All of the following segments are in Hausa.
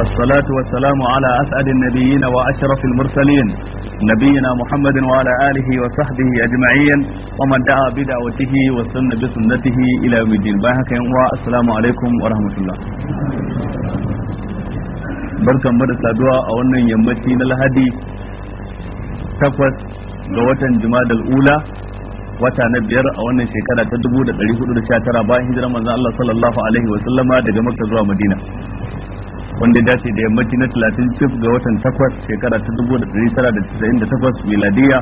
والصلاة والسلام على أسعد النبيين وأشرف المرسلين نبينا محمد وعلى آله وصحبه أجمعين ومن دعا بدعوته وسن بسنته إلى يوم الدين باهك السلام عليكم ورحمة الله barkan mu da saduwa a wannan yammaci na lahadi takwas ga watan jumadal ula wata na biyar a wannan shekara ta 1419 bayan hijirar manzon Allah sallallahu alaihi wa sallama daga Makka zuwa Madina wanda dace da yammaci na 30 ga watan 8 shekara ta 1998 miladiya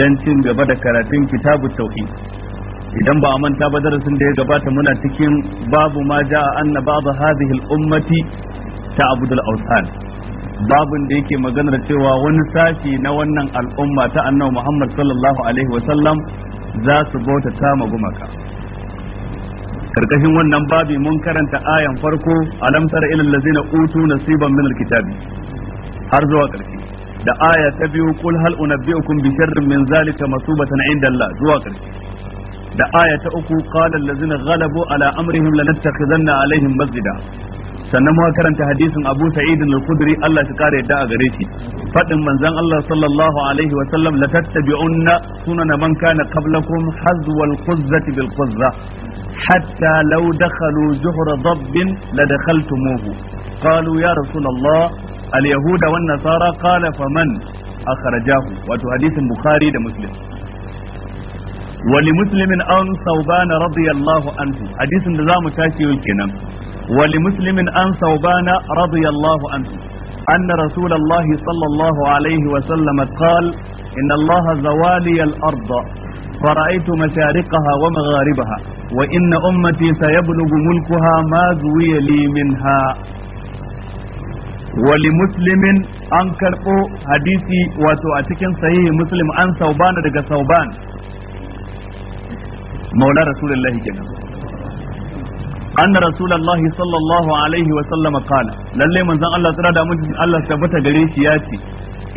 don cin gaba da karatun kitabu tauhid idan ba a manta ba darasin da ya gabata muna cikin babu ma ja'a anna babu hadhihi al-ummati Abdul awthan babun da yake maganar cewa wani sashi na wannan al'umma ta annabi Muhammad sallallahu alaihi wa sallam za su bauta ta magumaka karkashin wannan babi mun karanta ayan farko alam tara ilal ladzina utu nasiban min alkitabi har zuwa karshe da aya ta biyu qul hal unabbiukum bi sharrin min zalika masubatan inda Allah zuwa karshe da aya ta uku qala allazina ghalabu ala amrihim lanattakhidanna alaihim masjida sannan muka karanta hadisin Abu Sa'id al-Khudri Allah shi kare yadda a gare shi fadin manzon Allah sallallahu alaihi wa sallam latattabi'unna sunana man kana qablakum hazwal quzzati bil quzza حتى لو دخلوا جحر ضب لدخلتموه قالوا يا رسول الله اليهود والنصارى قال فمن أخرجاه وتحديث بخاري ده مسلم ولمسلم عن ثوبان رضي الله عنه حديث ده متاشي كنا ولمسلم عن ثوبان رضي الله عنه أن رسول الله صلى الله عليه وسلم قال إن الله زوالي الأرض فرأيت مشارقها ومغاربها وإن أمتي سيبلغ ملكها ما زوي لي منها ولمسلم أن كرقو حديثي وتؤتكن صحيح مسلم عن ثوبان دقى ثوبان مولى رسول الله كنا أن رسول الله صلى الله عليه وسلم قال للي من الله ترى الله ثبت قريش ياتي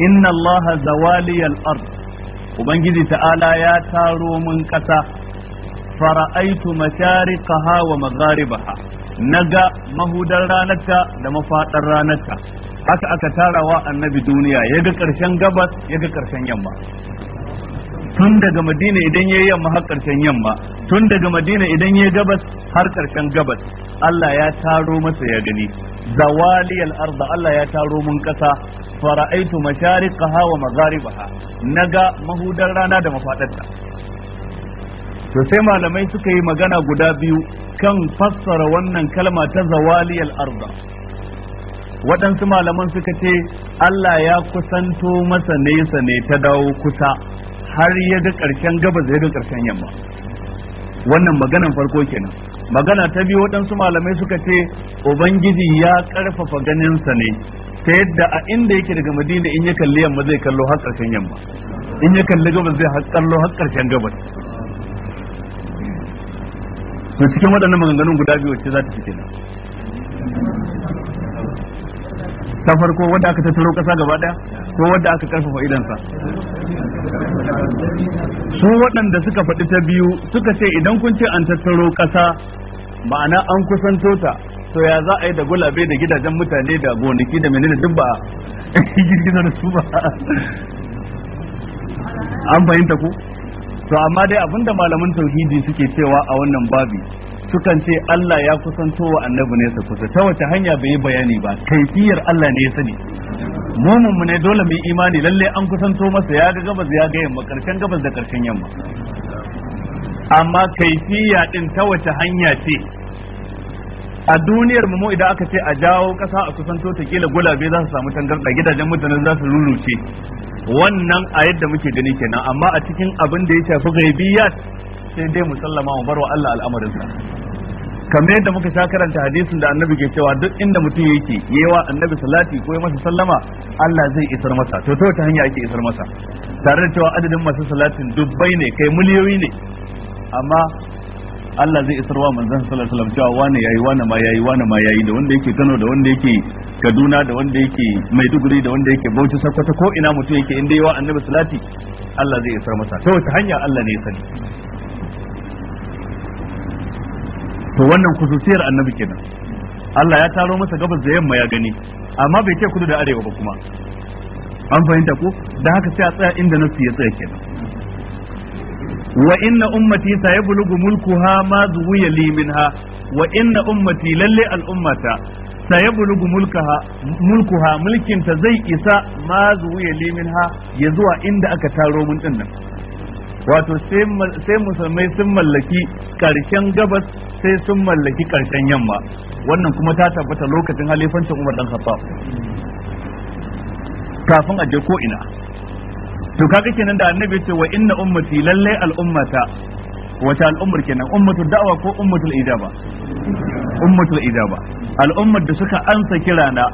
إن الله زوالي الأرض ubangiji ta'ala ya taro mun ƙasa fara'aitu mashariqaha wa magharibaha naga mahudar ranarta da mafaɗar ranarta haka aka tarawa annabi duniya yaga ƙarshen gabas yaga ƙarshen yamma tun daga madina idan ya yamma har yamma tun daga madina idan ya gabas har karshen gabas Allah ya taro masa ya gani zawaliyal arda Allah ya taro mun ƙasa, fara'aitu mashariqaha wa magharibaha naga mahudan rana da mafadarta to sai malamai suka yi magana guda biyu kan fassara wannan kalma ta zawaliyal arda waɗansu malaman suka ce Allah ya kusanto masa nesa ne ta dawo kusa har ya ga ƙarshen gabas ya ga ƙarshen yamma wannan maganan farko kenan magana ta biyu waɗansu malamai suka ce ubangiji ya ƙarfafa ganinsa ne ta yadda a inda yake daga madina in ya kalli yamma zai kallo har ƙarshen yamma in ya kalli gabas zai kallo har ƙarshen gabas to cikin waɗannan maganganun guda biyu wacce za ta fi kenan ta farko wanda aka tattaro ƙasa gaba ɗaya ko wanda aka karfafa idansa su waɗanda suka faɗi ta biyu suka ce idan kun ce an tattaro ƙasa ma'ana an kusanto ta to ya za a yi da gulabe da gidajen mutane da gonaki da menene duk ba da su ba an fahimta ku to amma dai abinda malaman tauhidi suke cewa a wannan babi sukan ce Allah ya kusanto wa annabi ne sa kusa ta wace hanya bai yi bayani ba kaifiyar Allah ne ya sani mumun mu ne dole mu yi imani lalle an kusanto masa ya ga gabas ya ga yamma karshen gabas da karshen yamma amma kaifiya din ta wace hanya ce a duniyar mu idan aka ce a jawo kasa a kusanto ta kila gulabe za su samu tangarda gidajen mutane za su rurruce wannan a yadda muke gani kenan amma a cikin abin da ya shafi gaibiyat sai dai musallama mu barwa Allah al'amarinsa kamar yadda muka sha karanta hadisin da annabi ke cewa duk inda mutum yake yewa annabi salati ko masa sallama Allah zai isar masa to ta hanya ake isar masa tare da cewa adadin masu salatin dubbai ne kai miliyoyi ne amma Allah zai isar wa manzon sallallahu alaihi wasallam cewa wani yayi wani ma yayi wani ma yayi da wanda yake Kano da wanda yake Kaduna da wanda yake Maiduguri da wanda yake Bauchi Sokoto ko ina mutum yake inda yawa annabi salati Allah zai isar masa to ta hanya Allah ne ya sani to wannan kususiyar annabi kenan Allah ya taro masa gabas da yamma ya gani amma bai ce kudu da arewa ba kuma an fahimta ko da haka sai a tsaya inda nasu ya tsaya kenan wa inna ummati sayablugu mulkuha ma zuwiya li minha wa inna ummati lalle al'ummata sayablugu mulkaha mulkuha mulkin ta zai isa ma zuwiya li minha ya zuwa inda aka taro mun din nan wato sai musulmai sun mallaki karshen gabas sai sun mallaki karshen yamma wannan kuma ta tabbata lokacin halifancin Umar dan Khattab kafin a je ko ina to kaga kenan da annabi ce wa inna ummati lalle al'ummata wata al'ummar kenan ummatul da'wa ko ummatul ijaba ummatul ijaba al'ummar da suka ansa kirana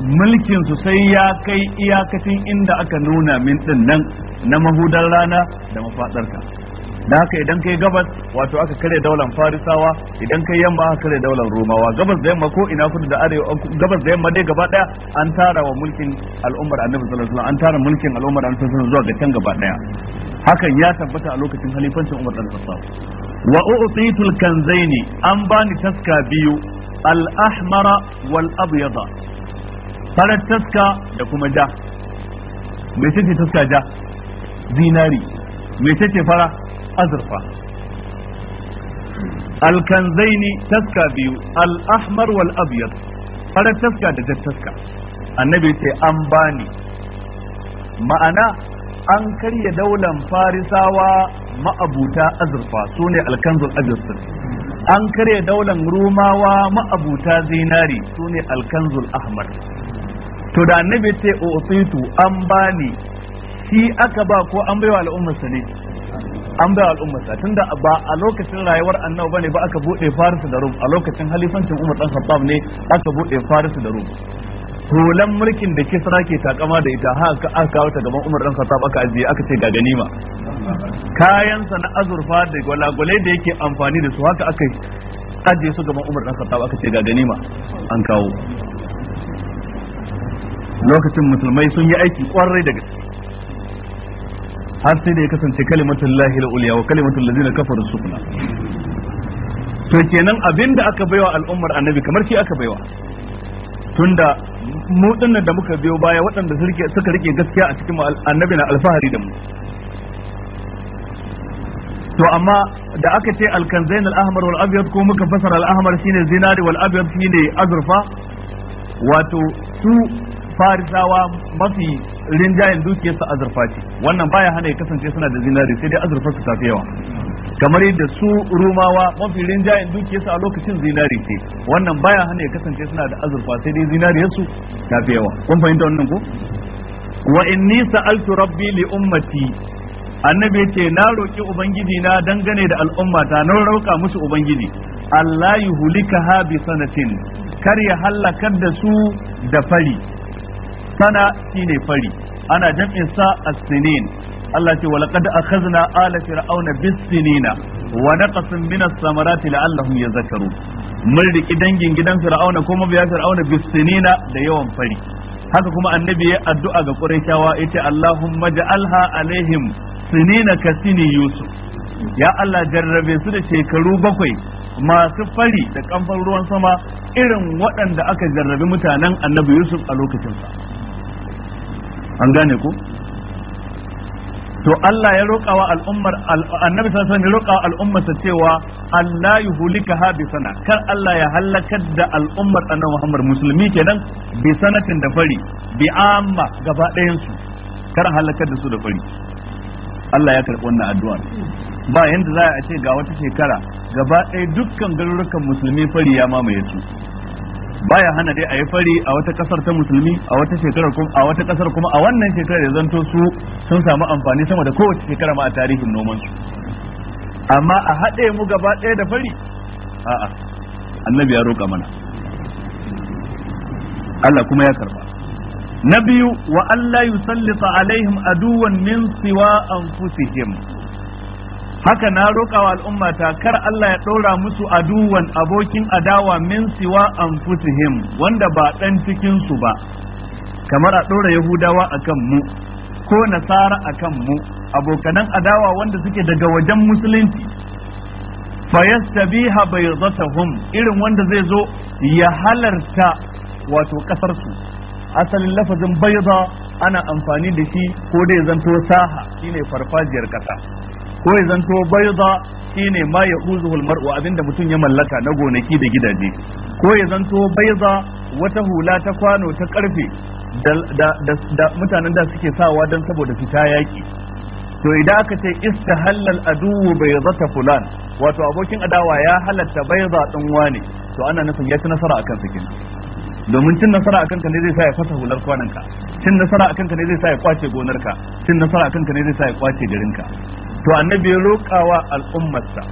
mulkin su sai ya kai iyakacin inda aka nuna min din nan na mahudan rana da mafadarta da haka idan kai gabas wato aka kare daular farisawa idan kai yamma aka kare daular romawa gabas da yamma ko ina kudu da arewa gabas da yamma dai gaba daya an tara wa mulkin al'ummar annabi sallallahu alaihi wasallam an tara mulkin al'ummar annabi sallallahu alaihi wasallam zuwa ga can gaba daya hakan ya tabbata a lokacin halifancin umar dan khattab wa u'titu al-kanzaini an bani taska biyu al-ahmara wal abyada farar taska da kuma ja me tace taska ja zinari me tace fara azurfa alkanzaini taska biyu al'ahmar wal abiyar farar taska da jar taska annabi ce an bani ma'ana an karya daular farisawa ma'abuta azurfa su ne alkanzul azurfin an karya daular rumawa ma'abuta zinari su ne alkanzul ahmar to da annabi ce utsitu an bani shi aka ba ko an baiwa al'ummar ne an bai tun tunda ba a lokacin rayuwar annabi bane ba aka bude farisu da rum a lokacin halifancin umar dan khattab ne aka bude farisu da rum hulan mulkin da kisra ke takama da ita haka aka kawo ta gaban umar dan khattab aka ajiye aka ce ga ganima kayansa na azurfa da gwalagwale da yake amfani da su haka aka ajiye su gaban umar dan khattab aka ce ga ganima an kawo lokacin musulmai sun yi aiki kwarai da gaske har sai da ya kasance kalimatun lahi uliya wa kalimatul kafar kafaru sufla to kenan abin da aka baiwa al'ummar annabi kamar shi aka baiwa tunda mu da muka biyo baya waɗanda suka rike gaskiya a cikin annabi na alfahari da mu to amma da aka ce alkanzain al-ahmar wal ko muka fasara al-ahmar shine zinari wal abyad shine azurfa wato su farisawa mafi rinjayen dukiyarsa azurfa ce wannan baya hana ya kasance suna da zinari sai dai azurfa su tafi yawa kamar yadda su rumawa mafi rinjayen su a lokacin zinari ce wannan baya hana ya kasance suna da azurfa sai dai su tafi yawa kun fahimta wannan ko wa inni sa'altu rabbi li ummati annabi ce na roki ubangiji na dangane da al'ummata na roka musu ubangiji Allah yuhlikaha bi sanatin kar ya halakar da su da fari sana shine fari ana jam'in sa as-sinin Allah ce walaqad akhadna ala fir'auna bis-sinina wa naqasin min as-samarati la'allahum yadhakkarun mun riki dangin gidan fir'auna kuma biya fir'auna bis-sinina da yawan fari haka kuma annabi ya addu'a ga quraishawa yace Allahumma ja'alha alaihim sinina kasini yusuf ya Allah jarrabe su da shekaru bakwai masu fari da kamfan ruwan sama irin waɗanda aka jarrabi mutanen annabi yusuf a lokacinsa an gane ku to Allah ya roƙa wa al'ummar annabi sallallahu alaihi ya roƙa wa al'ummarsa cewa Allah ya hulika ha bi sana kar Allah ya halakar da al'ummar annabi Muhammad musulmi kenan bi sanatin da fari bi amma gaba ɗayan su kar halakar da su da fari Allah ya karɓi wannan addu'a ba yanda za a ce ga wata shekara gaba ɗaya dukkan garurukan musulmi fari ya mamaye su baya hana dai a yi fari a wata kasar ta musulmi a wata shekarar kuma a wata kasar kuma a wannan shekarar da zanto su sun samu amfani sama da kowace shekara ma a tarihin noman su amma a haɗe mu gaba ɗaya da fari a'a annabi ya roƙa mana Allah kuma ya karba na biyu wa Allah yusallita alaihim aduwan min siwa anfusihim haka na roƙa wa al'ummata kar Allah ya ɗora musu aduwan abokin adawa min siwa anfusihim wanda ba ɗan cikinsu ba kamar a ɗora yahudawa kan mu ko nasara kan mu abokanan adawa wanda suke daga wajen musulunci fayastabiha baydatahum irin wanda zai zo ya halarta wato ƙasarsu asalin lafazin bayda ana amfani da shi ko dai zanto saha shine farfajiyar ƙasa. ko ya zanto baiza shine ma ya uzuhul mar'u abinda mutum ya mallaka na gonaki da gidaje ko ya zanto baiza wata hula ta kwano ta karfe da mutanen da suke sawa don saboda fita yaki to idan aka ce istahallal aduwu ta fulan wato abokin adawa ya halatta baiza din wane to ana nufin ya ci nasara akan su domin cin nasara akan ka ne zai sa ya fasa hular kwananka cin nasara akan ka ne zai sa ya kwace gonarka cin nasara akan ka ne zai sa ya kwace garinka to annabi ya roƙawa al'ummarsa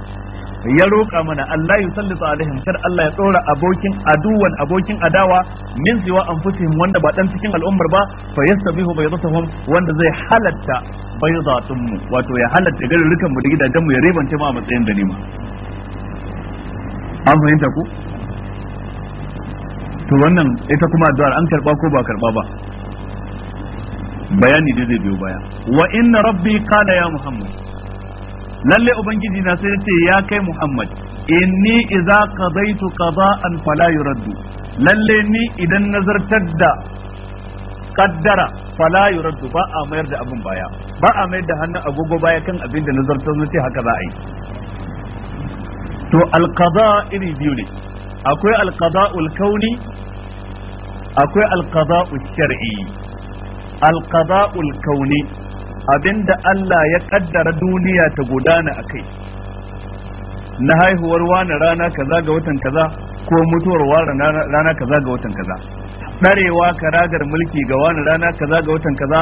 ya roka mana Allah ya sallita alaihim kar Allah ya tsora abokin aduwan abokin adawa min siwa anfusihim wanda ba dan cikin al'ummar ba fa yastabihu baydatuhum wanda zai halatta baydatun mu wato ya halatta rukan mu da gidajen mu ya ribance mu a matsayin ganima an fahimta ku to wannan ita kuma addu'ar an karba ko ba karba ba bayani da zai biyo baya wa inna rabbi kana ya muhammad lalle ubangiji na sai yace ya kai muhammad inni idza qadaitu qada'an fala yuraddu lalle ni idan nazartar da kaddara fala yuraddu ba a mayar da abin baya ba a mayar da hannun agogo baya kan abin da nazartar ce haka za a yi to alqada iri biyu ne akwai alqada'ul kauni akwai alqada'ul shar'i alqada'ul kauni abinda Allah ya kaddara duniya ta gudana akai na haihuwar wani rana kaza ga watan kaza ko mutuwar wani rana kaza ga watan kaza ɗarewa karagar mulki ga wani rana kaza ga watan kaza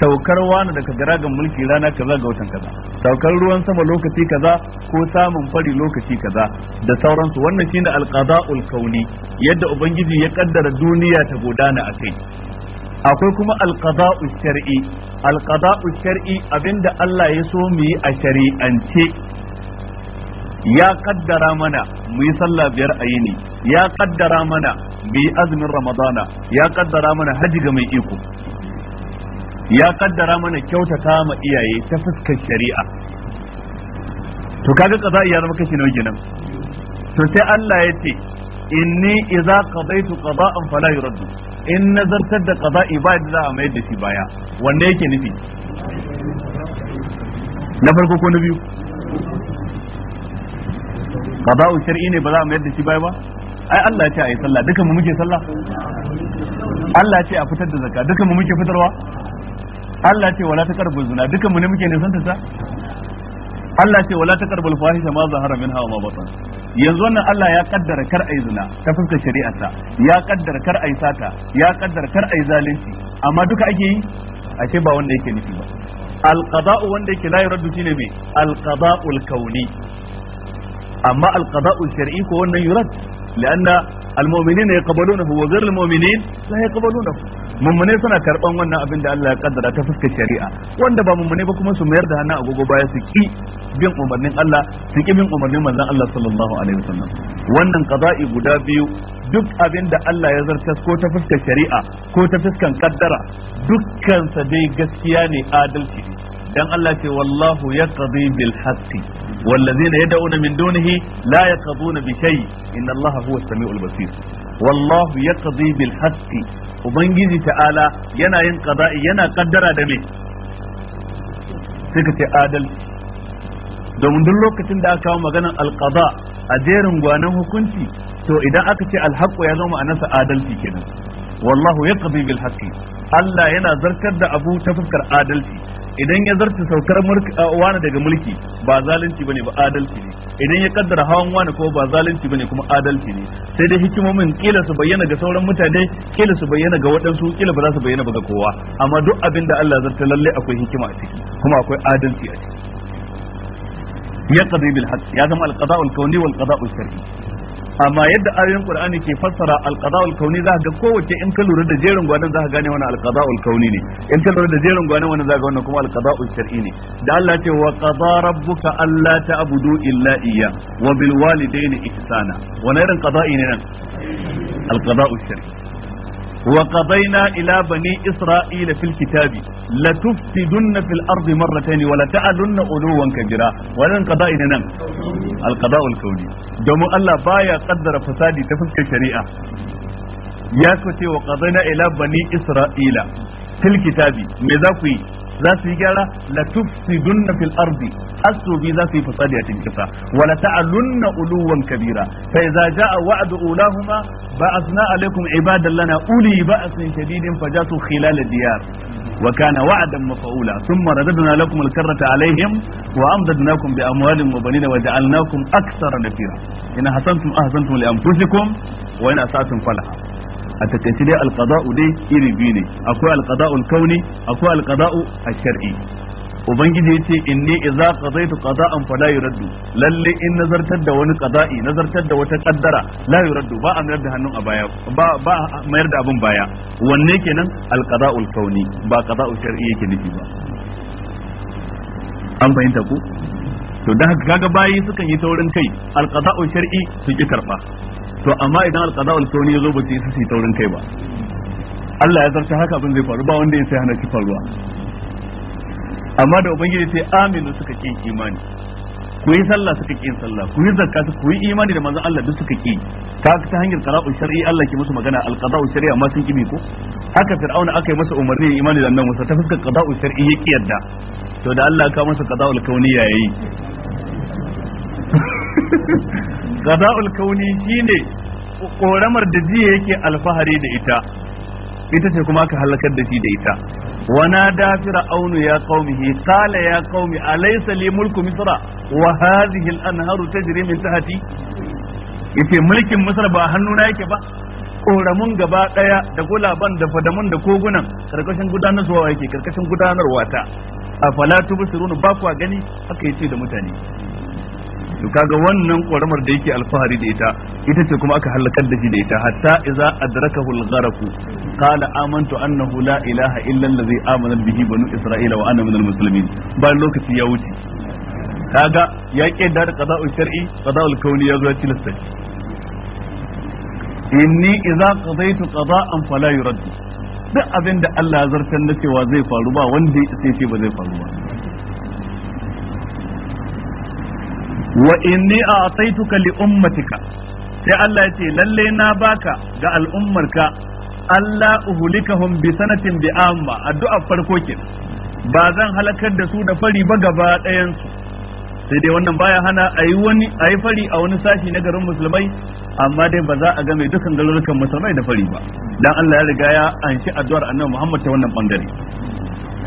saukar wani daga garagan mulki rana kaza ga watan kaza saukar ruwan sama lokaci kaza ko samun fari lokaci kaza da sauransu wannan shine alqada'ul kauni yadda ubangiji ya kaddara duniya ta gudana a kai akwai kuma alqada'u shar'i alqada'u shar'i abinda Allah ya so mu yi a shari'ance ya kaddara mana mu yi sallah biyar a yini ya kaddara mana mu yi azumin ramadana ya kaddara mana haji ga mai iko ya kaddara mana kyautata ma iyaye ta fuskar shari'a to kaga kaza ya zama kashi nawa kenan to sai Allah ya ce inni idza qadaytu qada'an fala yuraddu in nazartar da qada'i ba da za a mayar da shi baya wanda yake nufi na farko ko na biyu qada'u shar'i ne ba za a mayar da shi baya ba ai Allah ya ce a yi sallah dukan mu muke sallah Allah ya ce a fitar da zakka dukan mu muke fitarwa Allah ce wala taqrabu zina dukan mu ne muke nisan ta Allah ce wala taqrabu al-fahisha ma zahara min hawa ma batan yanzu wannan Allah ya kaddara kar ai zina ta fuskar shari'arsa ya kaddara kar ai sata ya kaddara kar ai zalunci amma duka ake yi ashe ba wanda yake nufi ba al-qada'u wanda yake la yuraddu shine me al-qada'u kauni amma al-qada'u al-shar'i ko wannan yurad لأن المؤمنين يقبلونه وغير المؤمنين لا يقبلونه mummune suna karban wannan abin da Allah ya kaddara ta fuskar shari'a wanda ba mummune ba kuma su mayar da hannu a gogo baya su ki bin umarnin Allah su ki bin umarnin manzon Allah sallallahu alaihi wasallam wannan qada'i guda biyu duk abin da Allah ya zarta ko ta fuskar shari'a ko ta fuskar kaddara dukkan sa dai gaskiya ne adalci ne dan Allah ce wallahu yaqdi bil haqqi wallazina yad'una min dunihi la yaqduna bi shay inna Allah huwa as-sami'ul basir wallahu yaqdi bil haqqi ubangiji ta'ala yana yin qada'i yana kaddara da me sai ka ce adalci domin duk lokacin da aka kawo maganar alqada a jerin gwanan hukunci to idan aka ce alhaqqu ya zama ma'anarsa adalci kenan wallahu yaqdi bil haqqi Allah yana zartar da abu ta fuskar adalci idan ya zarta saukar uh, wani daga mulki ba zalunci bane ba adalci ne idan ya kaddara hawan wani ko ba zalunci bane kuma adalci ne sai dai hikimomin kila su bayyana ga sauran mutane kila su bayyana ga waɗansu kila ba za su bayyana ba ga kowa amma duk abin da Allah zarta lalle akwai hikima a ciki kuma akwai adalci a ciki Ya yaqdi bil haqq ya zama al qada'u al kawni wal qada'u al shar'i amma yadda ayoyin qur'ani ke fassara alqada'ul kauni za ga kowace in ka lura da jerin gwanan za ka gane wannan alqada'ul kauni ne in ka lura da jerin gwanan wannan za ka wannan kuma alqada'ul shar'i ne da Allah ce wa qada rabbuka alla ta'budu illa iyya wa bil walidayni ihsana wannan irin qada'i ne nan alqada'ul shar'i وقضينا إلى بني إسرائيل في الكتاب لتفسدن في الأرض مرتين ولتعلن علوا كبيرا ولن قضاء نم القضاء الكوني دوم الله بايا قدر فسادي تفسك الشريعة يا وقضينا إلى بني إسرائيل في الكتاب ماذا za su yi gyara la tufsidunna fil ardi asubi za su yi fasadi a cikin kasa wa la ta'alunna uluwan kabira fa idza ja'a wa'du ulahuma ba'athna alaikum ibadan lana uli ba'sin shadidin fajatu khilal diyar wa kana wa'dan mafa'ula thumma radadna lakum al-karrata alaihim wa amdadnakum bi amwalin wa banin wa ja'alnakum aktsara nafira in hasantum ahsantum li anfusikum wa in asatum falaha a takaice dai alqada'u dai iri biyu ne akwai alqada'ul kauni akwai alqada'u ash-shar'i ubangiji yace inni idza qadaytu qada'an fala yuraddu lalle in nazartar da wani qada'i nazartar da wata kaddara la yuraddu ba a mayar da hannun a baya ba ba mayar da abun baya wanne kenan alqada'ul kauni ba qada'u shar'i yake nufi ba an fahimta ku to dan haka kaga bayi sukan yi taurin kai alqada'u shar'i su ki karba to amma idan alqada wal ya yazo ba su su taurin kai ba Allah ya zarta haka abin zai faru ba wanda ya sai hana shi faruwa amma da ubangiji sai aminu suka kin imani ku yi sallah suka kin sallah ku yi zakka suka ku yi imani da manzon Allah duk suka ki ta ta hanyar qara'u shar'i Allah ke musu magana alqada'u shar'i amma sun kimi ko haka fir'auna aka yi masa umarni imani da annabi Musa ta fuskar qada'u shar'i ya yadda to da Allah ka masa qada'ul kauni yayi gada'ul kauni shine ƙoramar da jiya yake alfahari da ita ita ce kuma aka halakar da shi da ita wana da fir'aunu ya qaumihi qala ya qaumi alaysa li mulku misra wa hadhihi al-anharu tajri min tahti yace mulkin misra ba hannuna yake ba koramun gaba ɗaya da gulaban da fadamun da kogunan karkashin gudanarwa yake karkashin gudanarwa ta afala tubsirun ba gani haka yace da mutane to kaga wannan ƙoramar da yake alfahari da ita ita ce kuma aka halakar da shi da ita hatta idza adrakahu al-gharq qala amantu annahu la ilaha illa allazi amana bihi banu isra'ila wa ana minal muslimin bayan lokaci ya wuce kaga ya kiyarda da qada'u shar'i qada'ul kauni ya zo tilasta inni idza qadaytu qada'an fala yurad duk abin da Allah ya zartar na cewa zai faru ba wanda ya ce ba zai faru ba wa inni a'taituka li ummatika sai Allah ya ce lalle na baka ga al'ummarka Allah uhulikahum bi sanatin bi amma addu'a farko ke ba zan halakar da su da fari ba gaba ɗayan su sai dai wannan baya hana ayi wani ayi fari a wani sashi na garin musulmai amma dai ba za a ga mai dukan garurukan musulmai da fari ba dan Allah ya riga ya anshi addu'ar Annabi Muhammad ta wannan bangare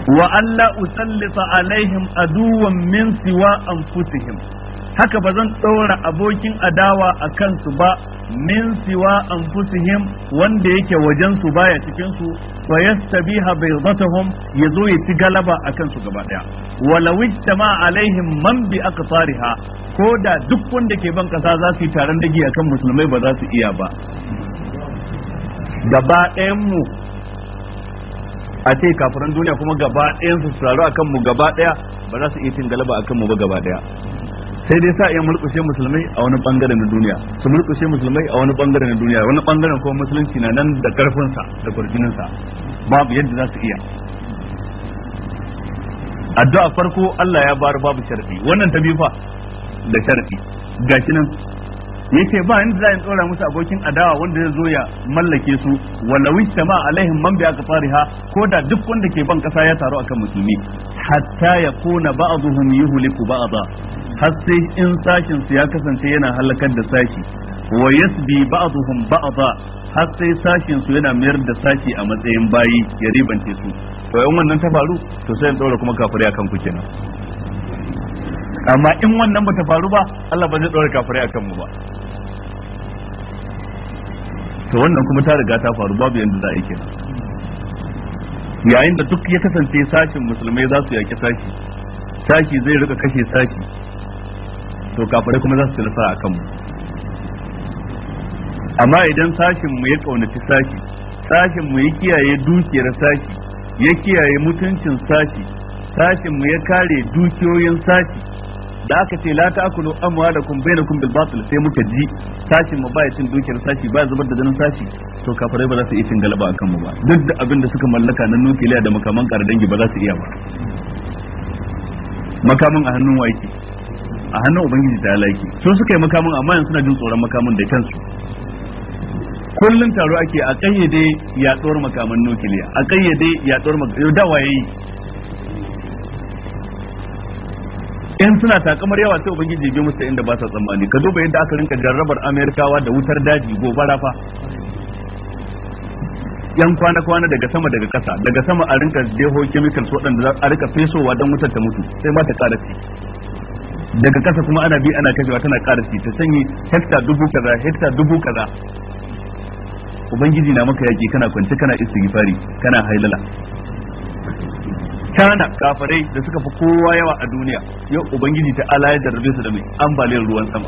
wa alla usallita alaihim aduwan min siwa anfusihim haka ba zan ɗora abokin adawa a kansu ba min siwa fusihim wanda yake wajen su baya cikin su wa yastabiha baydatuhum yazo ya ci galaba a kansu gaba daya walaw ijtama alaihim man bi aqsariha ko da duk wanda ke ban kasa za su yi taron dagi kan musulmai ba za su iya ba gaba ɗayanmu a ce kafiran duniya kuma gaba ɗayan su taru akan mu gaba ɗaya ba za su iya cin galaba akan mu ba gaba ɗaya sai dai sa iya mulkushe musulmai a wani bangare na duniya su mulkushe musulmai a wani bangare na duniya wani bangare kuma musulunci na nan da karfinsa da kurjininsa babu yadda za su iya addu'a farko Allah ya bar babu sharfi wannan ta biyu fa da sharfi gashi nan yace ba inda za in tsora musu abokin adawa wanda ya zo ya mallake su Wala wista ma alaihim man bi aqfariha ko da duk wanda ke ban kasa ya taru akan musulmi hatta yakuna ba'dhum yuhliku ba'dha har sai in sashin su ya kasance yana halakar da sashi wa yasbi ba'dhum ba'dha har sai sashin su yana mayar da sashi a matsayin bayi ya ribance su to in wannan ta faru to sai in tsora kuma kafirai akan ku kenan amma in wannan bata faru ba Allah ba zai dora kafirai akan mu ba to wannan kuma ta riga ta faru babu yanda za a yi kenan yayin da duk ya kasance sashin musulmai za su yaki sashi sashi zai rika kashe sashi to kafirai kuma za su nasara a kanmu amma idan sashin mu ya kaunaci sashi sashin mu ya kiyaye dukiyar sashi ya kiyaye mutuncin sashi sashin mu ya kare dukiyoyin sashi da aka ce la ta'kulu amwalakum bainakum bil batil sai muka ji sashi mu ba cin dukiyar sashi ba zubar da ganin sashi to kafirai ba za su iya cin galaba akan mu ba duk da abin da suka mallaka na nukiliya da makaman dangi ba za su iya ba makamin a hannun waye a hannun ubangiji ta laiki sun suka yi makamin amma yanzu suna jin tsoron makamin da kansu kullum taro ake a kayyade yaduwar makaman nukiliya a kayyade yaduwar makaman da waye in suna takamar yawa sai ubangiji ya bi musu inda ba sa tsammani ka duba yadda aka rinka jarrabar amerikawa da wutar daji gobara fa yan kwana-kwana daga sama daga kasa daga sama a rinka deho chemicals waɗanda a rinka fesowa don wutar ta mutu sai ma ta ƙara daga kasa kuma ana bi ana kashewa tana ƙara ta sanyi hekta dubu kaza hekta dubu kaza ubangiji na maka yaki kana kwance kana istighfari kana hailala kana kafirai da suka fi kowa yawa a duniya yau ubangiji ta ala ya jarrabe su da mai ambaliyar ruwan sama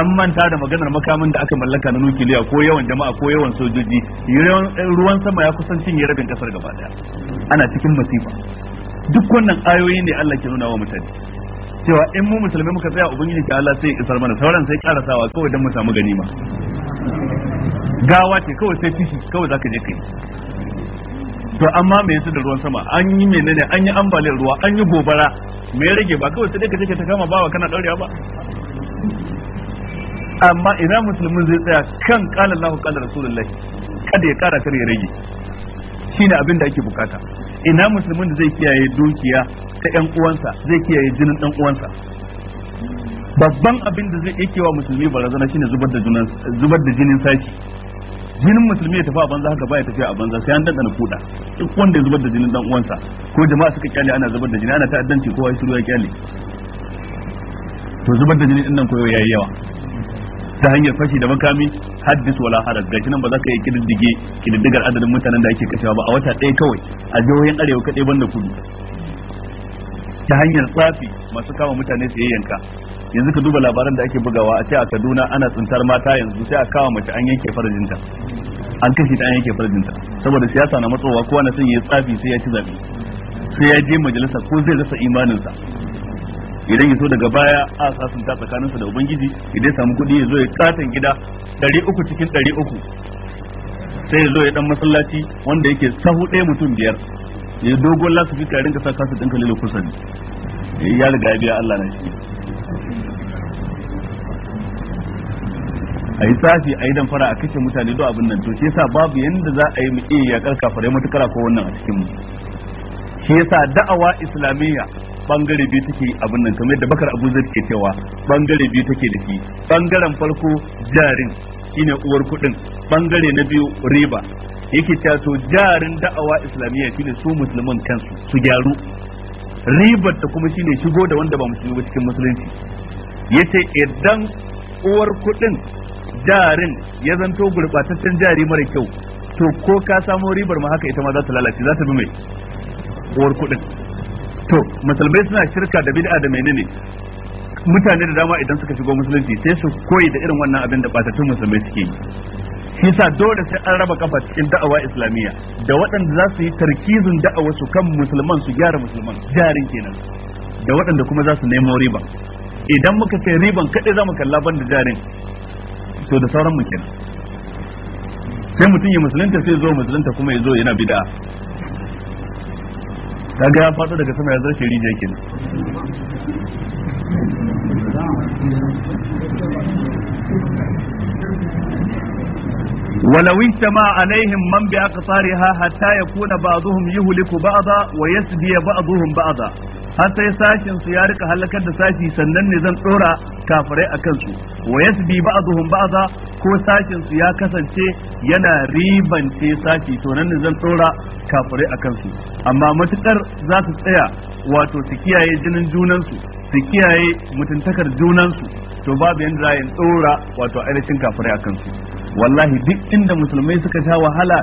an manta da maganar makamin da aka mallaka na nukiliya ko yawan jama'a ko yawan sojoji ruwan sama ya kusan cinye rabin kasar gaba daya ana cikin masifa duk wannan ayoyi ne Allah ke nuna wa mutane cewa in mu musulmi muka tsaya ubangiji ta Allah sai isar mana sauran sai karasawa kawai dan mu samu ganima gawa ce kawai sai tishi kawai zaka je kai to amma me yasa da ruwan sama an yi menene an yi ambaliyar ruwa an yi gobara me ya rage ba kawai sai dai ka take ta kama bawa kana daurewa ba amma ina musulmin zai tsaya kan qala Allahu qala rasulullahi kada ya kara kare ya rage shine abin da ake bukata ina musulmin da zai kiyaye dukiya ta yan uwansa zai kiyaye jinin dan uwansa babban abin da zai yake wa musulmi barazana shine zubar da zubar da jinin sashi jinin musulmi ya tafi a banza haka baya tafiya a banza sai an dandana kuda duk wanda ya zubar da jinin dan uwansa ko jama'a suka kyale ana zubar da jini ana ta'addanci kowa ya shiru ya kyale to zubar da jini din nan koyo yayi yawa ta hanyar fashi da makami haddis wala haraj gashi nan ba za ka yi kididdige kididdigar adadin mutanen da ake kashewa ba a wata ɗaya kawai a jihohin arewa kaɗai banda kudu ta hanyar tsafi masu kama mutane su yayyanka yanzu ka duba labaran da ake bugawa a ce a Kaduna ana tsintar mata yanzu sai a kawo mace an yanke farajinta an kashe ta an yanke farajinta saboda siyasa na matsowa kowa na son ya tsafi sai ya ci zabi sai ya je majalisa ko zai rasa imaninsa idan ya so daga baya a ta tsakaninsa da ubangiji idan ya samu kuɗi ya zo ya katon gida ɗari uku cikin ɗari uku sai ya zo ya ɗan masallaci wanda yake sahu ɗaya mutum biyar ya dogon lasu fi tarin ƙasa sa kasu ɗin kalilu ya riga ya biya Allah na shi a yi tsafi a yi damfara a kashe mutane duk abin nan to shi yasa babu yanda za a yi mu iya yakar kafirai matukara ko wannan a cikin mu shi yasa da'awa islamiyya bangare biyu take abin nan kamar yadda bakar abu zai ke cewa bangare biyu take da shi bangaren farko jarin shine uwar kudin bangare na biyu riba yake cewa to jarin da'awa islamiyya shine su musulman kansu su gyaru ribar ta kuma shine shigo da wanda ba musulmi ba cikin musulunci yace idan uwar kudin jarin ya zanto gurbataccen jari mara kyau to ko ka samo ribar ma haka ita ma za ta lalace za ta bi mai uwar kuɗin to musulmai suna shirka da bid'a da menene mutane da dama idan suka shigo musulunci sai su koyi da irin wannan abin da batattun musulmai suke yi shi sa dole sai an raba kafa cikin da'awa islamiyya da waɗanda za su yi tarkizin da'awa su kan musulman su gyara musulman jarin kenan da waɗanda kuma za su nemo riba idan muka ce riban kaɗai za mu kalla ban da jarin to da sauran mu kenan sai mutum ya musulunta sai zo musulunta kuma ya zo yana bid'a kaga ya faɗo daga sama ya zarce rijiya kenan ولو اجتمع عليهم من بأقصارها حتى يكون بعضهم يهلك بعضا ويسبي بعضهم بعضا har sai sashin su ya rika halakar da sashi sannan ne zan dora kafirai a kansu wa yasbi ba'dhum ba'dha ko sashin ya kasance yana ribance sashi to nan ne zan dora kafirai a kansu amma matukar za su tsaya wato su kiyaye jinin junansu su kiyaye mutuntakar junansu to babu yanda za yin dora wato ainihin kafirai a kansu wallahi duk inda musulmai suka sha wahala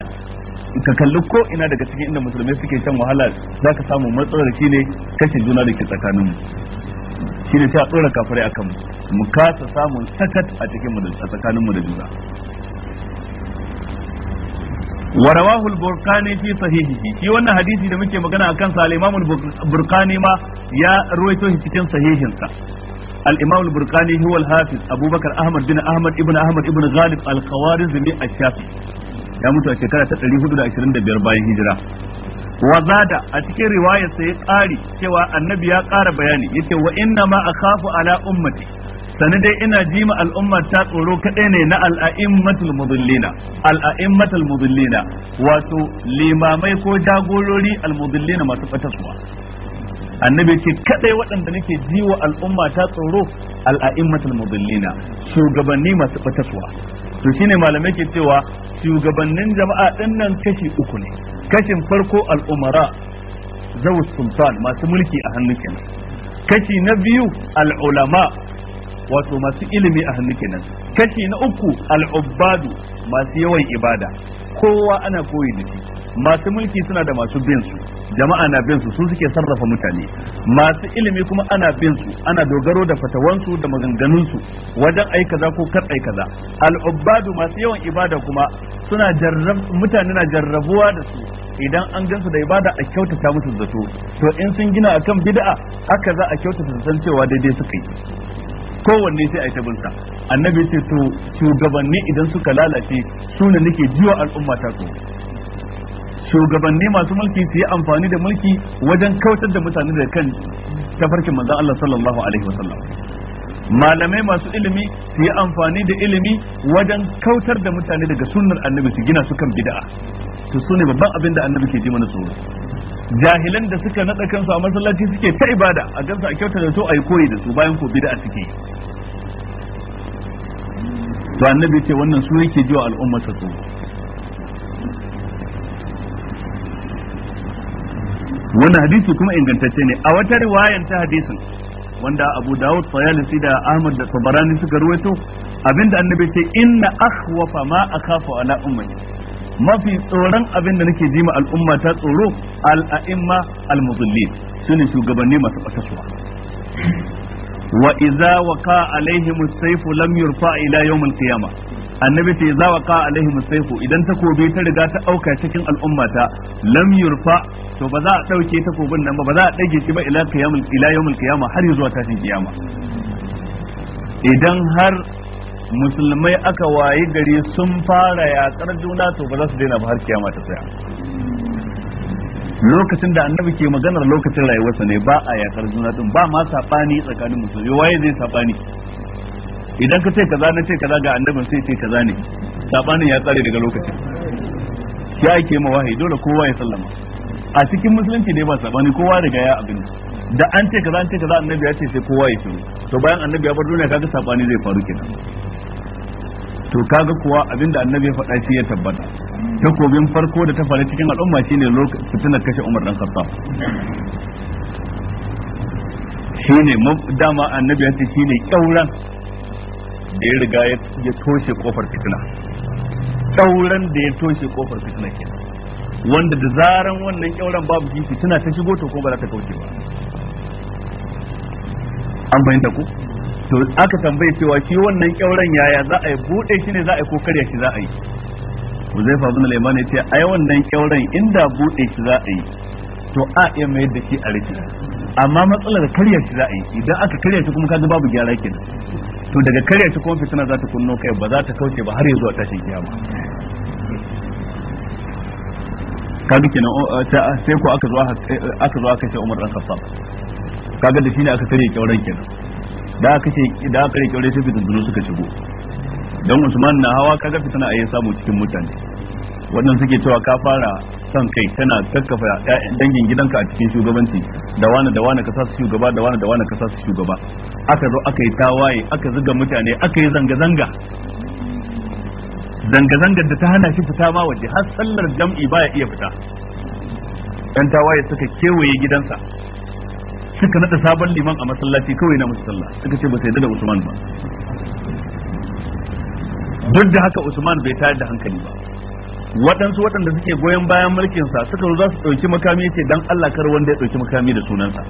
ka kalli ko ina daga cikin inda musulmai suke shan wahala za ka samu matsalar shi ne kashin juna da ke tsakaninmu shi ne sha a kafare a kanmu mu kasa samun sakat a cikin mu a tsakanin mu da juna ورواه البرقاني في صحيحه في sahihihi حديثي wannan hadisi da muke magana akan sa al-imam al-burqani ma ya cikin sahihinsa al-imam al-burqani hafiz abubakar ahmad bin ahmad ibn ahmad ibn ghalib al-khawarizmi ash ya mutu a shekara ta ɗari 425 bayan hijira wazada a cikin riwayar sai ƙari cewa annabi ya ƙara bayani yace wa inna ma akhafu ala ummati sani dai ina ji ma al'umma ta tsoro kaɗai ne na al'a'immatul mudillina al'a'immatul mudillina wato limamai ko jagorori al masu fataswa annabi ce kadai waɗanda nake jiwa al'umma ta tsoro al'a'immatul mudillina shugabanni masu bataswa to shine malamai ke cewa shugabannin jama'a dinnan kashi uku ne kashin farko al'umara zawu sultan masu mulki a hannu kenan kashi na biyu al'ulama wato masu ilimi a hannu kenan kashi na uku al'ubbadu masu yawan ibada kowa ana koyi da shi masu mulki suna da masu bin su jama'a na bin su sun suke sarrafa mutane masu ilimi kuma ana bin su ana dogaro da fatawansu da maganganunsu wajen ai kaza ko kar kaza al'ubbadu masu yawan ibada kuma suna jarrab mutane na jarrabuwa da su idan an gansu da ibada a kyautata musu zato to in sun gina akan bid'a haka za a kyautata san cewa daidai suka yi kowanne sai a yi tabinsa annabi ce to shugabanni idan suka lalace suna ne nake jiwa al'umma ta su shugabanni masu mulki su yi amfani da mulki wajen kautar da mutane da kan tafarkin manzan Allah sallallahu alaihi wasallam malamai masu ilimi su yi amfani da ilimi wajen kautar da mutane daga sunnar annabi su gina su kan bid'a to sune babban abin da annabi ke ji mana tsoro jahilan da suka nada kansu a masallaci suke ta ibada a gansu a kyautar da su a yi koyi da su bayan ko bid'a suke yi. to annabi ce wannan su yake ji wa al'ummar tsoro. wannan hadisi kuma ingantacce ne a wata riwayan ta hadisin wanda Abu Dawud Sayalisi da Ahmad da Tabarani suka ruwaito abinda annabi ce inna akhwafa ma akhafu ala ummati mafi tsoron abinda nake ji ma al'umma ta tsoro al'a'imma al-mudallin sune shugabanni masu kasasuwa wa idza waqa alaihim as-sayf lam yurfa ila yawm al-qiyamah annabi ce za wa ka alaihi musaifu idan takobi ta riga ta auka cikin al'ummata lam yurfa to ba za a dauke takobin nan ba ba za a dage shi ba ila qiyamul ila yawmul qiyama har zuwa tashin kiyama idan har musulmai aka wayi gari sun fara yakar juna to ba za su daina ba har kiyama ta tsaya lokacin da annabi ke maganar lokacin rayuwarsa ne ba a yakar juna din ba ma sabani tsakanin musulmi waye zai sabani idan ka ce kaza na ce kaza ga annabin sai ce kaza ne sabanin ya tsare daga lokacin shi ake ma wahayi dole kowa ya sallama a cikin musulunci ne ba sabani kowa daga ya abin da an ce kaza an ce kaza annabi ya ce sai kowa ya shiru to bayan annabi ya bar duniya kaga sabani zai faru kenan to kaga kuwa abinda annabi ya faɗa shi ya tabbata takobin farko da ta faru cikin al'umma shine lokacin fitinar kashe Umar dan Khattab shine dama annabi ya ce shine kyauran da ya riga ya toshe kofar fitina ƙauren da ya toshe kofar fitina ke wanda da zaran wannan ƙauren babu shi fitina ta shigo to ko ba za ta kauce ba an bayyana ku to aka tambaye cewa shi wannan ƙauren yaya za a yi buɗe shi ne za a yi ko karya shi za a yi Uzaifa na Laiman ya ce ai wannan ƙyauren inda buɗe shi za a yi to a iya mai da shi a rike amma matsalar karya shi za a yi idan aka karya shi kuma kaga babu gyara kenan to daga kare ta kuma fitina za ta kunno kai ba za ta kauce ba har ya a tashin kiyama kaga kenan oh, sai ko aka zo aka zo aka ce Umar dan Khattab kaga da shine aka kare kyauran kenan da aka ce da aka kare kyauran sai fitin suka shigo dan Usman na hawa kaga fitina ayi samu cikin mutane wannan suke cewa ka fara son kai kana kakkafa dangin gidanka a cikin shugabanci da wani da wani ka sa su shugaba da wani da wani ka sa su shugaba aka zo aka yi tawaye aka zuga mutane aka yi zanga-zanga zanga-zangar da ta hana shi fita ma waje har sallar jam'i baya iya fita yan tawaye suka kewaye gidansa suka nada sabon liman a masallaci kawai na musu sallah suka ce ba sai da Usman ba duk da haka Usman bai tayar da hankali ba waɗansu waɗanda suke goyon bayan mulkinsa suka zo za su ɗauki makami ce dan Allah kar wanda ya ɗauki makami da sunansa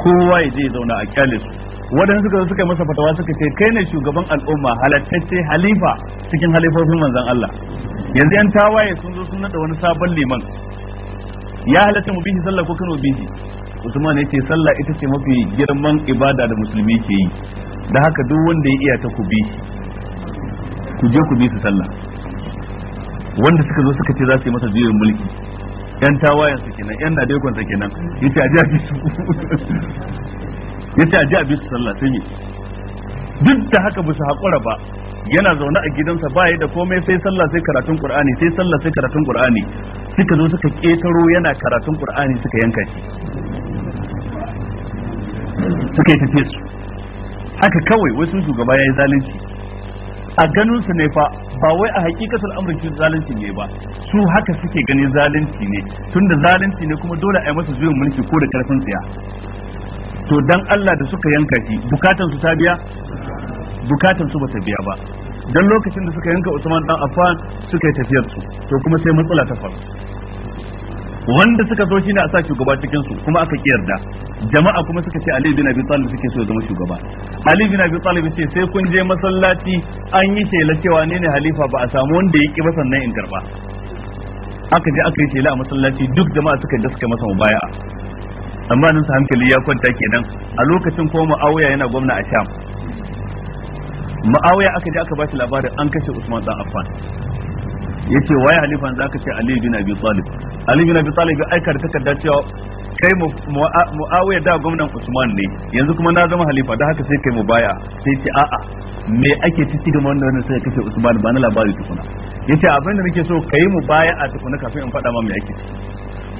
kowa ya je zauna a kyale su waɗansu suka zo suka masa fatawa suka ce kai ne shugaban al'umma halattacce halifa cikin halifofin manzon Allah yanzu yan tawaye sun zo sun nada wani sabon liman ya halatta mu bihi sallah ko kano bihi Usman ya ce sallah ita ce mafi girman ibada da musulmi ke yi da haka duk wanda ya iya ta ku bi ku je ku bi su sallah wanda suka zo suka ce za su yi masa juyin mulki yan tawayen su kenan yan nadekon su kenan yace a ji a bisu yace a ji a bisu sallah sai duk da haka bisa hakura ba yana zaune a gidansa ba ya da komai sai sallah sai karatun qur'ani sai sallah sai karatun qur'ani suka zo suka ketaro yana karatun qur'ani suka yanka shi suka yi tafiya su haka kawai wasu shugaba ya yi zalunci a ganin su ne fa ba wai a hakikatar amrin zalunci ne ba su haka suke ganin zalunci ne tunda zalunci ne kuma dole a yi masa juyin mulki ko da karfin tsiya to dan Allah da suka yanka shi bukatan ta biya bukatan su ba ta biya ba dan lokacin da suka yanka Usman dan Affan suka yi tafiyar su to kuma sai matsala ta faru wanda suka zo shine a sa shugaba cikin su kuma aka kiyarda jama'a kuma suka ce Ali bin Abi Talib suke so ya zama shugaba Ali bin Abi Talib ce sai kun je masallaci an yi shela cewa ne ne halifa ba a samu wanda ya ba sannan in karba aka je aka yi shela a masallaci duk jama'a suka da suka masa mubaya'a amma nan sa hankali ya kwanta kenan a lokacin ko Muawiya yana gwamna a Sham Muawiya aka je aka ba shi labarin an kashe Usman dan Affan yace waye halifan zaka ce Ali bin Abi Talib Ali bin Abi Talib ya aika da takarda cewa kai Muawiya da gwamnan Usman ne yanzu kuma na zama halifa da haka sai kai mu baya sai ce a'a me ake ciki da wannan wannan sai kace Usman ba na labari tukuna yace abin da nake so kai mu baya a tukuna kafin in faɗa ma me ake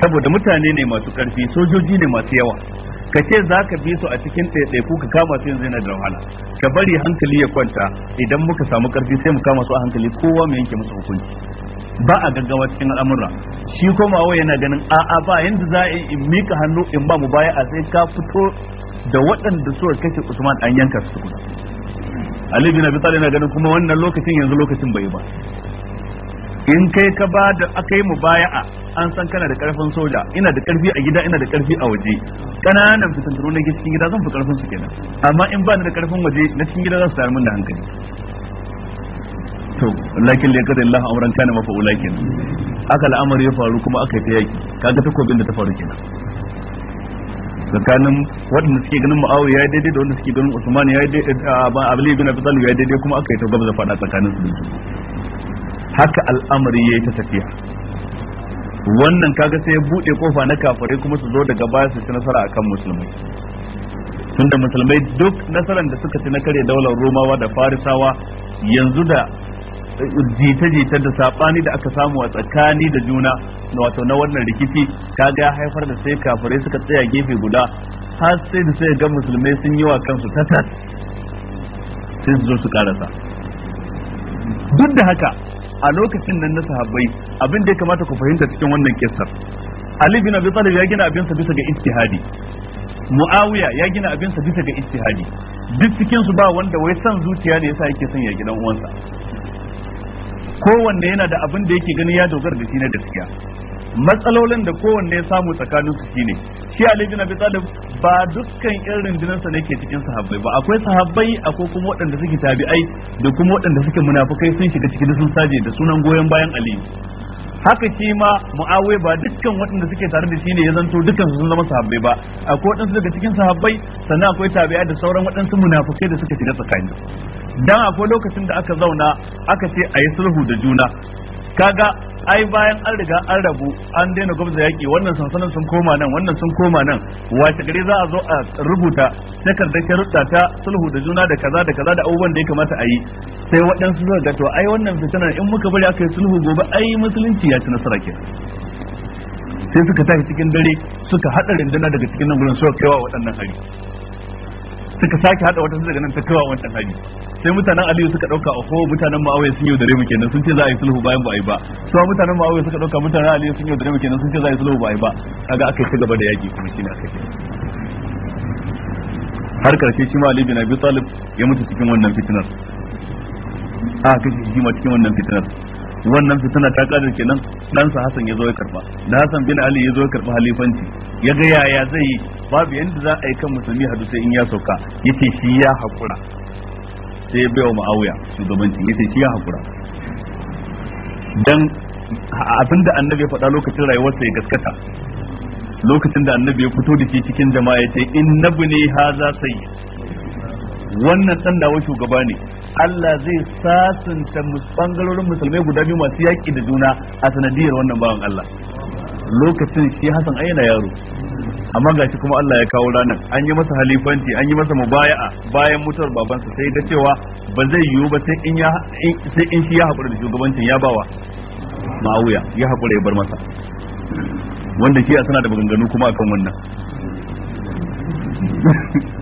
saboda mutane ne masu karfi sojoji ne masu yawa ka ce za ka bi su a cikin ɗaiɗaiku ka kama su yanzu yana da wahala ka bari hankali ya kwanta idan muka samu ƙarfi sai mu kama su a hankali kowa mu yanke musu hukunci ba a gaggawa cikin al'amura shi koma wai yana ganin a'a ba yanzu za a in mika hannu in ba mu baya a sai ka fito da waɗanda suka kashe Usman an yanka su tukuna Ali bin Abi Talib yana ganin kuma wannan lokacin yanzu lokacin bai ba in kai ka ba da aka yi mubaya'a an san kana da karfin soja ina da karfi a gida ina da karfi a waje kananan fitantaro na cikin gida zan fi karfin su kenan amma in ba ni da karfin waje na cikin gida za su tayar min da hankali to lakin da kada Allah amran kana mafa ulakin aka al'amari ya faru kuma aka yi ta yaki kaga takobin da ta faru kenan tsakanin waɗanda suke ganin Muawiya ya daidai da wanda suke ganin Usman ya daidai Abdullahi bin Abi Talib ya daidai kuma aka yi ta gaba da faɗa tsakanin su haka al'amari ya yi ta tafiya wannan kaga sai ya buɗe kofa na kafirai kuma su zo daga baya su ci nasara akan musulmai tunda musulmai duk nasarar da suka ci na kare daular romawa da farisawa yanzu da eh, jita-jita da sabani da aka samu a tsakani da juna wato na wannan rikici kaga ya haifar da sai kafirai suka tsaya gefe guda har sai da sai ga musulmai sun yi wa kansu tatas sai su zo su karasa duk da haka a lokacin nan na sahabbai abin da ya kamata ku fahimta cikin wannan kissar Ali bin Abi Talib ya gina abinsa bisa ga ijtihadi Muawiya ya gina abinsa bisa ga ijtihadi duk cikin su ba wanda wai san zuciya ne yasa yake son ya gidan uwansa kowanne yana da abin da yake gani ya dogara da shi na gaskiya matsalolin da kowanne ya samu tsakanin su shine shi Ali bin Abi Talib ba dukkan irin rundunarsa ne ke cikin sahabbai ba akwai sahabbai akwai kuma waɗanda suke tabi'ai da kuma waɗanda suke munafukai sun shiga cikin sun saje da sunan goyon bayan Ali haka shi ma mu'awiya ba dukkan waɗanda suke tare da shi ne ya zanto dukkan sun zama sahabbai ba akwai waɗansu daga cikin sahabbai sannan akwai tabi'a da sauran waɗansu munafukai da suka shiga tsakani dan akwai lokacin da aka zauna aka ce a yi sulhu da juna kaga ai bayan an riga an rabu an daina gwamza yaki wannan sansanin sun koma nan wannan sun koma nan wace gari za a zo a rubuta takardar sharuɗa ta sulhu da juna da kaza da kaza da abubuwan da ya kamata a yi sai waɗansu suka ga ai wannan fitina in muka bari aka yi sulhu gobe ai musulunci ya ci nasara ke sai suka tashi cikin dare suka haɗa rundunar daga cikin nan gurin suka kaiwa waɗannan hari suka sake hada wata daga nan ta kawo wancan hari sai mutanen aliyu suka dauka ko mutanen ma'awiya sun yi dare mu kenan sun ce za a yi sulhu bayan ba a yi ba su mutanen ma'awiya suka dauka mutanen aliyu sun yi dare mu kenan sun ce za a yi sulhu ba a yi ba kaga aka yi ta gaba da yaki kuma shine aka yi har karshe shi ma ali bin abi talib ya mutu cikin wannan fitinar a kace shi ma cikin wannan fitinar wannan fitina ta kadar kenan ɗansa Hassan ya zo ya karba da Hassan bin Ali ya zo ya karba halifanci ya ga yaya zai yi babu yanda za a yi kan musulmi hadu sai in ya sauka yace shi ya hakura sai ya bai wa Muawiya shugabanci yace shi ya hakura dan abinda annabi ya faɗa lokacin rayuwarsa ya gaskata lokacin da annabi ya fito da shi cikin jama'a ya ce in nabu ne haza sai wannan dan dawo shugaba ne Allah zai sasanta bangarorin musulmai guda biyu masu yaƙi da juna a sanadiyar wannan bawan Allah lokacin shi hasan ayi yana yaro amma ga shi kuma Allah ya kawo ranar an yi masa halifanci an yi masa mubaya'a bayan mutuwar babansa sai da cewa ba zai yiwu ba sai in shi ya haƙura da shugabancin ya bawa Ma'auya ya haƙura ya bar masa wanda shi ya sana da maganganu kuma akan wannan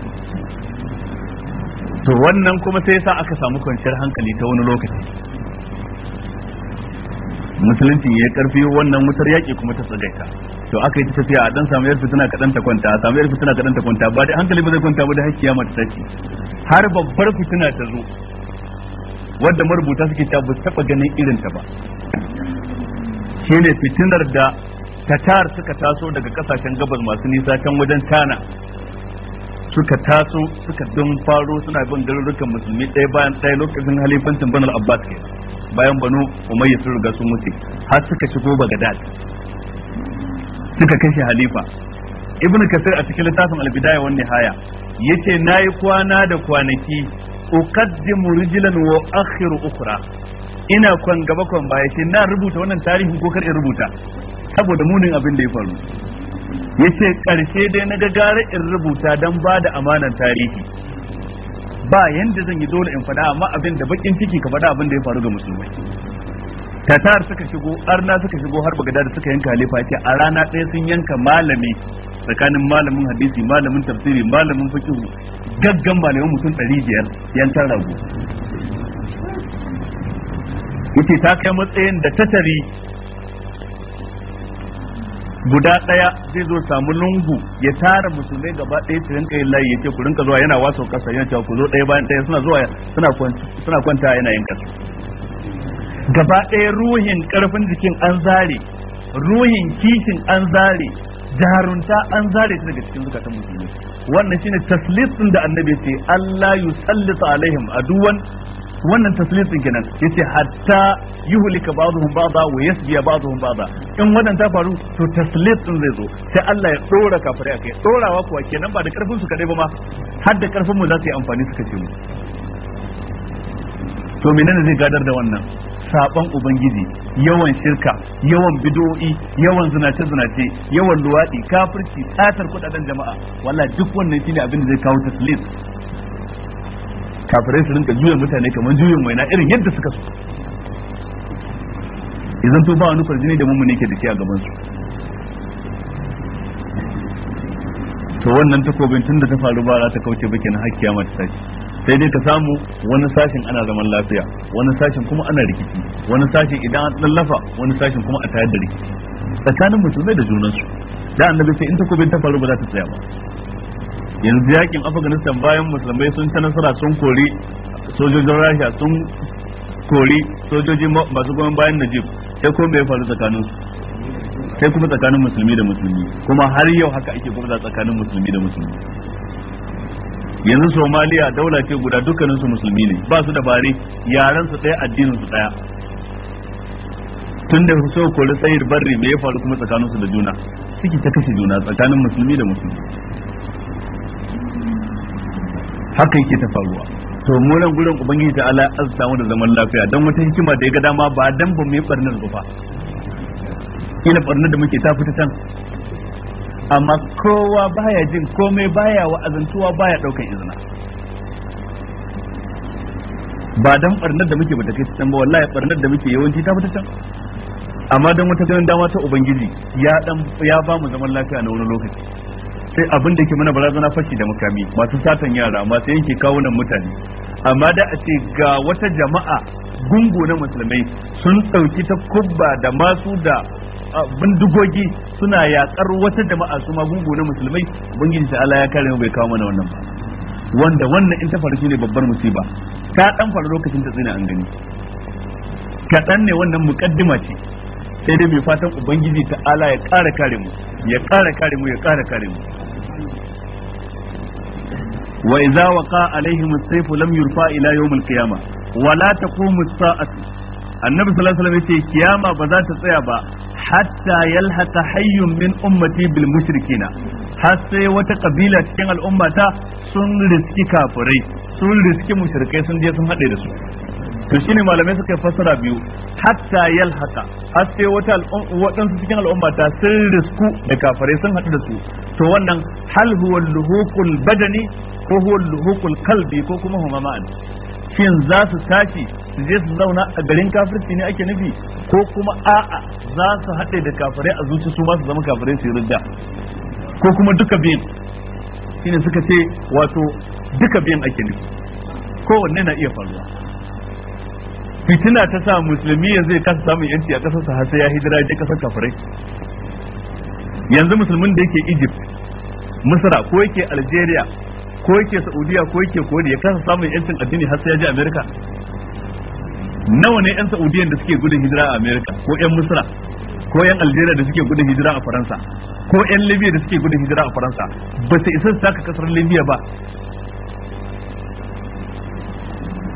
to wannan kuma sai sa aka samu kwanciyar hankali ta wani lokaci musulunci ya karfi wannan wutar yaƙi kuma ta tsagaita to aka yi ta tafiya a dan samu yarfi suna kaɗanta ta kwanta a samu yarfi suna kaɗanta ta kwanta ba da hankali ba zai kwanta ba da haƙƙi ya ta tashi har babbar fitina ta zo wadda marubuta suke ta ba taɓa ganin irin ta ba shine fitinar da tatar suka taso daga kasashen gabas masu nisa can wajen tana suka taso suka dun faro suna bin garurukan musulmi ɗaya bayan ɗaya lokacin halifancin banu abbas ke bayan banu umayya sun riga sun mutu har suka shigo bagadad suka kashe halifa ibnu kasir a cikin littafin albidaya wan nihaya yace nayi kwana da kwanaki uqaddimu rijlan wa akhiru ukhra ina kwan gaba kwan baya ce na rubuta wannan tarihi ko kar in rubuta saboda munin abin da ya faru yace karshe dai na gagara in rubuta don ba da amanan tarihi ba yanda zan yi dole in faɗa amma abin da bakin ciki ka faɗa abin da ya faru ga musulmai tatar suka shigo arna suka shigo har bagada da suka yanka halifa ce a rana ɗaya sun yanka malami tsakanin malamin hadisi malamin tafsiri malamin fikihu gaggan malamin mutum ɗari biyar yankan rago yace ta kai matsayin da ta guda daya zai zo samu lungu ya tara musulmai gaba daya su rinka yin layi ce ku rinka zuwa yana wasu kasa yana cewa ku zo daya bayan daya suna zuwa suna kwanta yana yin kasa gaba daya ruhin karfin jikin an zare ruhin kishin an zare jarunta an zare ta daga cikin zukatan musulmai wannan shine taslis da annabi ce Allah yusallita alaihim aduwan wannan taslis in kenan ce hatta yi ba zuhun ba ba'dha wa zuhun ba za, in wannan ta faru to taslis din zai zo sai Allah ya dora kafirai akai dorawa kuwa kenan ba da karfin su kadai ba ma har da karfin mu za su yi amfani suka ce mu to menene zai gadar da wannan saban ubangiji yawan shirka yawan bid'o'i yawan zinace zinace yawan luwadi kafirci tsatar kudaden jama'a wallahi duk wannan shine abin da zai kawo taslis kafirai su rinka juyin mutane kamar juyin waina irin yadda suka so idan to ba wani farjini da mummuni ke da shi a gaban su to wannan takobin tun da ta faru ba za ta kauce ba kenan har kiyama ta tashi sai dai ka samu wani sashin ana zaman lafiya wani sashin kuma ana rikici wani sashin idan an lallafa wani sashin kuma a tayar da rikici tsakanin musulmai da junansu da annabi sai in takobin ta faru ba za ta tsaya ba yanzu yakin afganistan bayan musulmai sun ta nasara sun kori sojojin rasha sun kori sojoji masu goma bayan najib sai kuma ya faru tsakanin sai kuma tsakanin musulmi da musulmi kuma har yau haka ake kuma tsakanin musulmi da musulmi yanzu somaliya daula ce guda dukkaninsu musulmi ne ba su da bare yaran su ɗaya addinin su ɗaya tun da so kori sayir barri me ya faru kuma tsakaninsu da juna suke ta kashe juna tsakanin musulmi da musulmi haka yake ta faruwa to mu nan gurin ubangiji ta ala azza samu da zaman lafiya dan wata hikima da ya ga dama ba dan ba mu yi barnar ba ina barnar da muke ta fita can amma kowa baya jin komai baya wa'azantuwa baya daukan izina ba dan barnar da muke bata kai ta can ba wallahi barnar da muke yawanci ta fita can amma dan wata ganin dama ta ubangiji ya dan ya ba mu zaman lafiya na wani lokaci sai abin da ke mana barazana fashi da mukami masu satan yara masu yanke kawunan mutane amma da a ce ga wata jama'a gungu na musulmai sun ɗauki ta kubba da masu da bindigogi suna yakar wata jama'a su ma gungu na musulmai bangin ta Allah ya kare mu bai kawo mana wannan ba wanda wannan in ta faru shine babbar musiba ta dan faru lokacin da tsina an gani kaɗan ne wannan mukaddima ce sai dai mai fatan ubangiji ta ala ya ƙara kare mu ya ƙara kare mu ya ƙara kare mu wa idza waqa alaihim as-sayf lam yurfa ila yawm al-qiyamah wa la taqumu as-sa'atu annabi sallallahu yace kiyama ba za ta tsaya ba hatta yalhaqa hayyun min ummati bil mushrikina wata kabila cikin al'ummata sun sun mushrikai sun sun da su to shine malamai suka fassara biyu hatta yalhaka har wata waɗansu cikin al'umma ta sun risku da kafare sun haɗu da su to wannan hal huwa luhuqul badani ko huwa luhukul kalbi ko kuma humama'an shin za su tashi su je su zauna a garin kafirci ne ake nufi ko kuma a'a za su haɗe da kafirai a zuci su masu su zama kafirai su yi ridda ko kuma duka biyan shine suka ce wato duka biyan ake nufi kowanne na iya faruwa fitina ta sa musulmi ya zai kasa samun yanci a kasar sa har ya hijira ya kasar kafirai yanzu musulmin da yake Egypt Misra ko yake Algeria ko yake saudiya ko yake kodi ya kasa samun yancin addini har sai ya je america nawa ne yan saudiyan da suke gudun hijira a america ko yan misra ko yan algeria da suke gudun hijira a faransa ko yan libya da suke gudun hijira a faransa ba su isa su taka kasar libya ba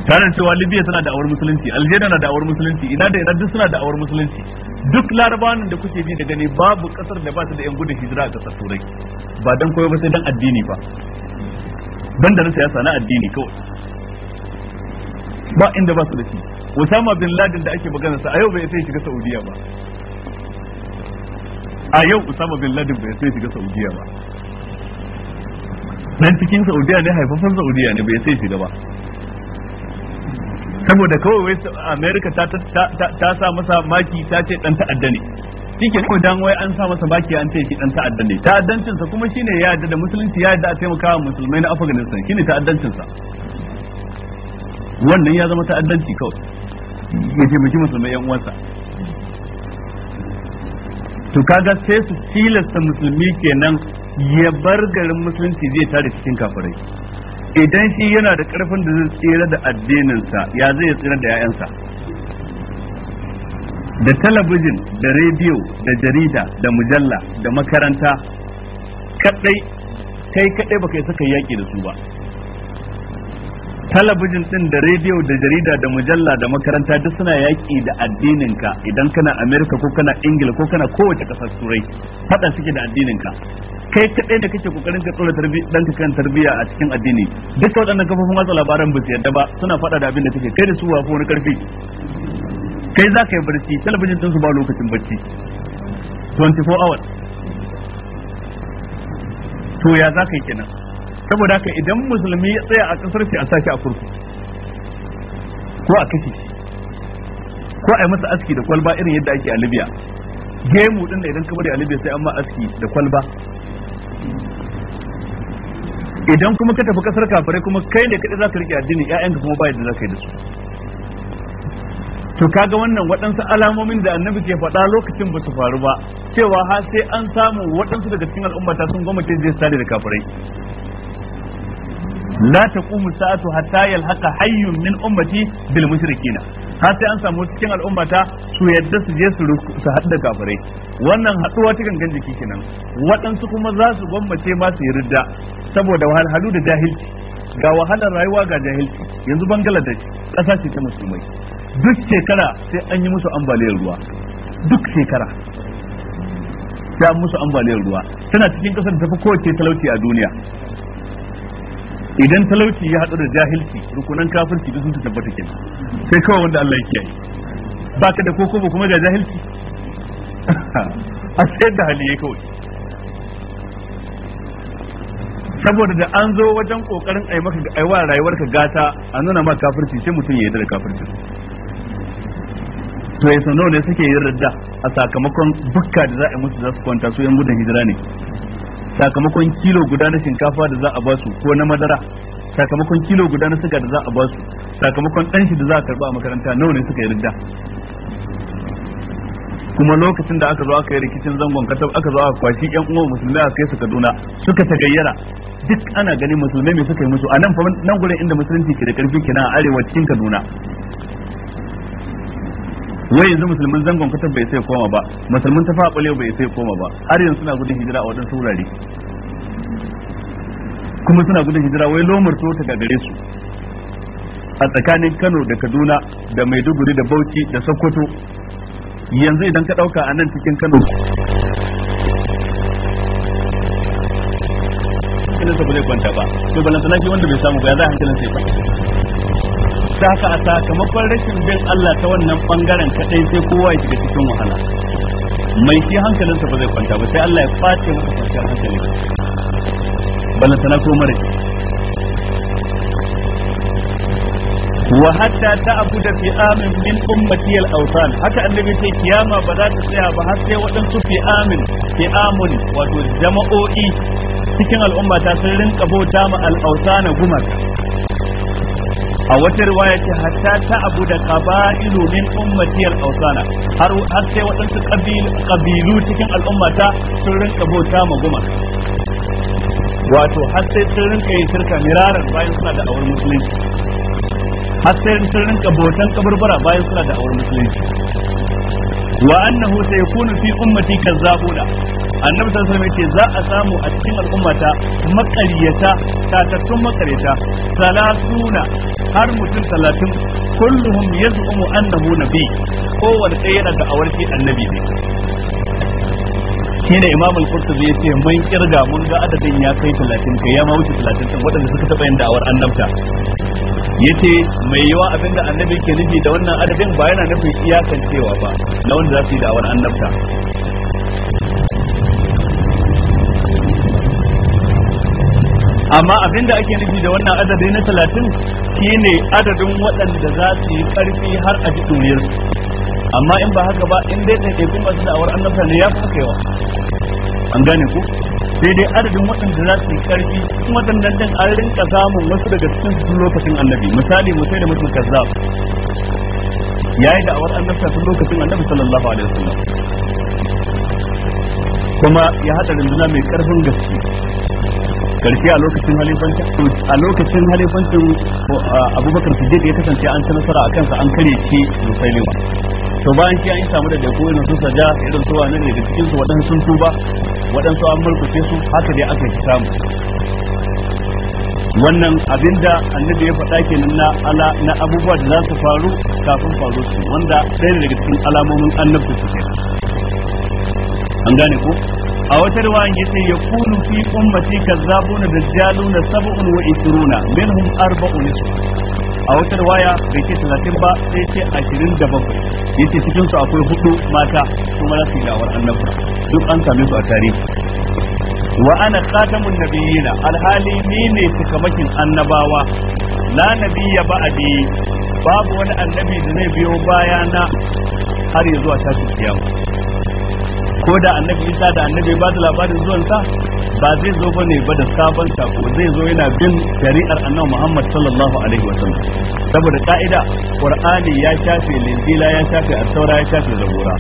tare cewa libya suna da awar musulunci algeria na da awar musulunci ina da iran duk suna da awar musulunci duk larabawan da kuke bi da gani babu kasar da ba su da yan gudun hijira a kasar turai ba dan koyo ba sai dan addini ba banda na siyasa na addini kawai ba inda ba su da shi Usama bin Laden da ake magana sa a yau bai sai shiga Saudiya ba a yau Usama bin Laden bai sai shiga Saudiya ba Nan cikin Saudiya ne haifafan Saudiya ne bai sai shiga ba saboda kawai wai America ta ta sa masa maki ta ce dan ta'adda ne shike kuma dan wai an sa masa baki an ce shi dan ta'addan ne ta'addancin sa kuma shine ya yarda da musulunci ya yarda a taimaka wa musulmai na Afghanistan shine ta'addancin sa wannan ya zama ta'addanci kawai ya taimaki musulmai yan uwansa to kaga sai su tilasta musulmi kenan ya bar garin musulunci zai tare cikin kafirai idan shi yana da karfin da zai tsira da addininsa ya zai tsira da 'ya'yansa da talabijin da rediyo da jarida da mujalla da makaranta kadai kai kadai baka isa kai yaki da su ba talabijin din da rediyo da jarida da mujalla da makaranta duk suna yaƙi da addininka idan kana amerika ko kana ingila ko kana kowace ƙasar turai faɗa suke da addininka kai kaɗai da kake kokarin ka tsora ka kan tarbiyya a cikin addini duk waɗannan kafofin watsa labaran ba su yarda ba suna faɗa da abin da kake kai da su wafi wani ƙarfi kai za ka yi barci talabijin su ba lokacin barci 24 hours to ya za ka yi kenan saboda ka idan musulmi ya tsaya a kasar shi a sashi a kurku ko a kashe shi ko a yi masa aski da kwalba irin yadda ake a libya gemu din da idan ka bari a libya sai an ma aski da kwalba idan kuma ka tafi kasar kafare kuma kai ne kaɗai za ka riƙe addini ƴaƴanka kuma ba yadda za ka yi da su to kaga wannan waɗansu alamomin da annabi ke faɗa lokacin ba su faru ba cewa ha sai an samu waɗansu daga cikin al'ummata sun ce zai sare da kafirai la taqumu sa'atu hatta yalhaqa hayyun min ummati bil mushrikina ha sai an samu cikin al'ummata su yadda su je su su da kafirai wannan haɗuwa ta gangan jiki kenan waɗansu kuma za su gwammace ma su yi saboda wahalhalu da jahilci ga wahalar rayuwa ga jahilci yanzu bangladesh ƙasa ce ta musulmai duk shekara sai an yi musu ambaliyar ruwa duk shekara sai an musu ambaliyar ruwa tana cikin ƙasar da tafi kowace talauci a duniya idan talauci ya haɗu da jahilci rukunan kafirci duk sun ta tabbata ke sai kawai wanda Allah ya kiyaye ba ka da koko ba kuma ga jahilci a sayar da hali ya kawai saboda da an zo wajen kokarin ai maka aiwa rayuwarka gata a nuna maka kafirci sai mutum ya yi da kafirci to ya nawa ne suke yin radda a sakamakon bukka da za a musu za su kwanta su yan gudun hijira ne sakamakon kilo guda na shinkafa da za a ba su ko na madara sakamakon kilo guda na suga da za a ba su sakamakon dan shi da za a karba a makaranta nawa ne suka yi radda kuma lokacin da aka zo aka yi rikicin zangon katab aka zo aka kwashi yan uwan musulmai a kai su Kaduna suka tagayyara duk ana ganin musulmai me suka yi musu a nan fa nan gurin inda musulunci ke da karfi kina a arewa cikin Kaduna wai yanzu musulmin zangon katab bai sai koma ba musulmin ta faɓale bai sai koma ba har yanzu suna gudun hijira a wadansu wurare kuma suna gudun hijira wai lomar ta gagare su a tsakanin Kano da Kaduna da Maiduguri da Bauchi da Sokoto yanzu idan ka ɗauka a nan cikin Kano hankalinsa ba zai kwanta ba to balantana shi wanda bai samu ba ya za hankalinsa ya kwanta ta haka a sakamakon rashin bin Allah ta wannan bangaren kadai sai kowa ya shiga cikin wahala mai shi hankalinsa ba zai kwanta ba sai Allah ya face masa kwanciyar hankali balantana ko mara wa hatta ta'budu fi amin min ummati al-awsan haka annabi sai kiyama ba za ta tsaya ba har sai waɗansu fi amin fi amun wato jama'o'i cikin al'umma ta sun rinka bauta ma al'ausana gumaka a wata riwaya ce hatta ta abu da kaba'ilu min ummati al har har sai waɗansu kabilu cikin al'ummata sun rinka bauta ma gumaka wato har sai sun rinka yin shirka miraran bayan suna da awar musulunci har sai sun rinka bautan kaburbura bayan suna da awar musulunci wa annahu sayakunu fi ummati kazzabuna annabi sallallahu alaihi wasallam za a samu a cikin al'ummata makaryata tatattun makaryata salasuna har mutum talatin kulluhum yaz'umu annahu nabi kowanne ɗaya yana da awarki annabi ne shine imam al zai ce mun kirga mun ga adadin ya kai 30 kai ya ma wuce 30 din wadanda suka taba yin da'awar annabta ce mai yawa abinda annabi ke nufi da wannan adadin ba yana nufin iyakan cewa ba na wanda za su yi da'awar annabta amma abinda ake nufi da wannan adadin na 30 shine adadin waɗanda za su yi karfi har a ji duniyarsu amma in ba haka ba in dai kuma masu da'awar annabta ne ya fi haka an gane ku sai dai adadin waɗanda za su yi ƙarfi waɗannan ɗin an rinka samun wasu daga cikin lokacin annabi misali musai da mutum kazzab ya yi da'awar annabta tun lokacin annabi sallallahu alaihi wasallam kuma ya haɗa rinduna mai ƙarfin gaske Ƙarfi a lokacin halifancin a lokacin halifancin uh, abubakar siddiq ya kasance an ci nasara a kansa an kare shi musailima to bayan sai an samu da dako irin su saja irin su wani ne da cikin su waɗansu sun tuba waɗansu an mulkuce su haka dai aka yi samu wannan abinda annabi ya faɗa kenan na ala na abubuwa da za su faru kafin faru su wanda ɗaya daga cikin alamomin annabi su ke. an gane ko a wata riwayan yace kunu fi ummati kazzabuna dajjaluna sab'un wa 20 minhum arba'un a wutar waya bai ce talatin ba sai ce ashirin da bakwai ya ce cikin su akwai hudu mata kuma za su yi annabta duk an same su a tarihi wa ana khatamun nabiyina alhali ni ne cikamakin annabawa la nabiyya ba'di babu wani annabi da zai biyo bayana har ya zuwa tashin kiyama ko da annabi isa da annabi ba da labarin zuwansa ba zai zo ba ne ba da sabon sako zai zo yana bin shari'ar annabi muhammad sallallahu alaihi wasallam saboda ka'ida qur'ani ya shafe linjila ya shafe asaura ya shafe zabura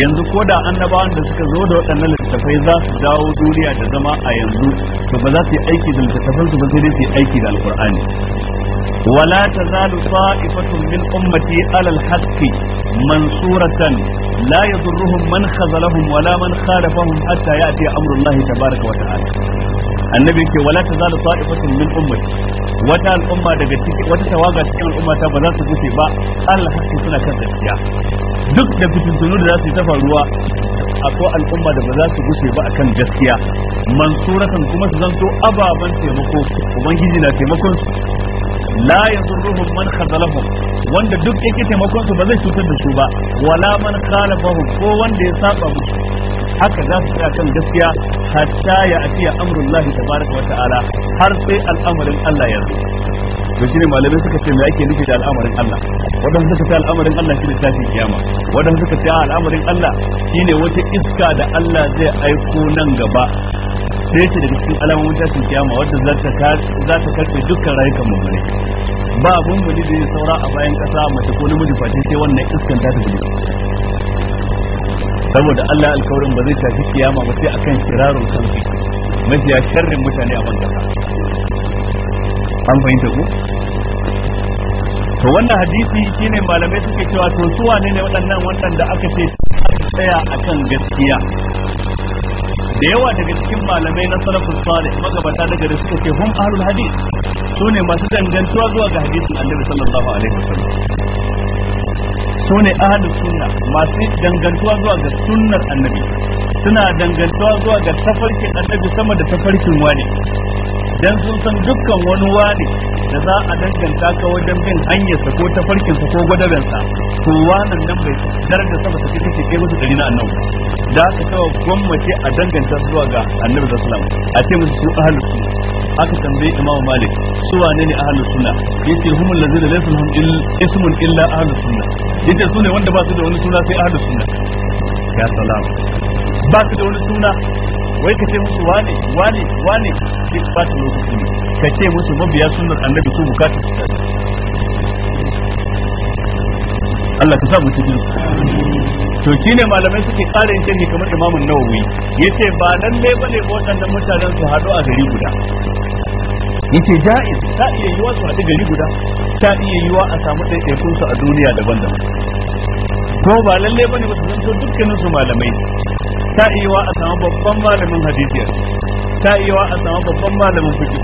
yanzu ko da annabawan da suka zo da waɗannan littattafai za su dawo duniya da zama a yanzu to ba za su yi aiki da littattafan su ba sai dai su yi aiki da alqur'ani ولا تزال طائفة من أمتي على الحق منصورة لا يضرهم من خذلهم wala man khalafahum hatta ya'ti amrullahi tabaraka wa ta'ala annabi yake wala tazalu ta'ifatun min ummati wata al'umma daga ciki wata tawaga cikin al'umma ta ba za su gushe ba Allah hakki suna kan gaskiya duk da fitintunu da za su yi ta faruwa akwai al'umma da ba za su gushe ba akan gaskiya mansuratan kuma su zanto ababen taimako ubangiji na taimakon su la yadurruhum man khazalahum wanda duk yake taimakon su ba zai cutar da su ba wala man khalafahum ko wanda ya saba musu haka za su tsaya kan gaskiya hatta ya atiya amrullahi tabaraka wa har sai al'amarin Allah ya zo to shine malamai suka ce me ake nufi da al'amarin Allah wadanda suka ce al'amarin Allah shine tashin kiyama wadanda suka ce al'amarin Allah shine wata iska da Allah zai aiko nan gaba ɗaya ce daga cikin alamomin tashin kiyama wadda za ta karfe dukkan rayukan mummune ba abun bali da ya saura a bayan ƙasa mace ko namiji face sai wannan iskan ta tafi saboda Allah alkawarin ba zai tafi kiyama ba sai akan shirarun kansu mafiya sharrin mutane a ban ƙasa an fahimta ku to wannan hadisi shine malamai suke cewa to su wane ne waɗannan waɗanda aka ce tsaya akan gaskiya da yawa daga cikin malamai na salafus salih magabata daga da suka ce hum ahlul hadith su ne masu dangantuwa zuwa ga hadisin annabi sallallahu alaihi wasallam su ne ahlus sunna masu dangantuwa zuwa ga sunnar annabi suna dangantuwa zuwa ga tafarkin annabi sama da tafarkin wani dan sun san dukkan wani wani da za a danganta ka wajen bin hanyarsa ko tafarkinsa ko gwadabensa to wannan nan bai darajar sa ba ta kace kai musu dari na annabi da aka tawa gwamnati a danganta zuwa ga annabi sallallahu alaihi wasallam a ce musu su ahlus sunna aka tambaye imamu malik su wane ne ahlus sunna yace humul ladzina laysa lahum ismun illa ahlus sunna yace sune wanda ba su da wani suna sai ahlus sunna ya salam ba su da wani suna wai ka ce musu wane wane wane ke ka fata lokaci ne ka ce musu mabiya sunan annabi su bukata su tsaya Allah ka sa mu cikin to shine malamai suke ƙara yin sharhi kamar Imam Nawawi yace ba ne bane ba waɗannan mutanen su haɗu a gari guda yace ja'iz ta iya yiwa su haɗu gari guda ta iya yiwa a samu ɗaiɗaikun su a duniya daban-daban ko ba lalle bane ba su zanto dukkanin su malamai ta iya a samu babban malamin hadisi ta iya a samu babban malamin fiqh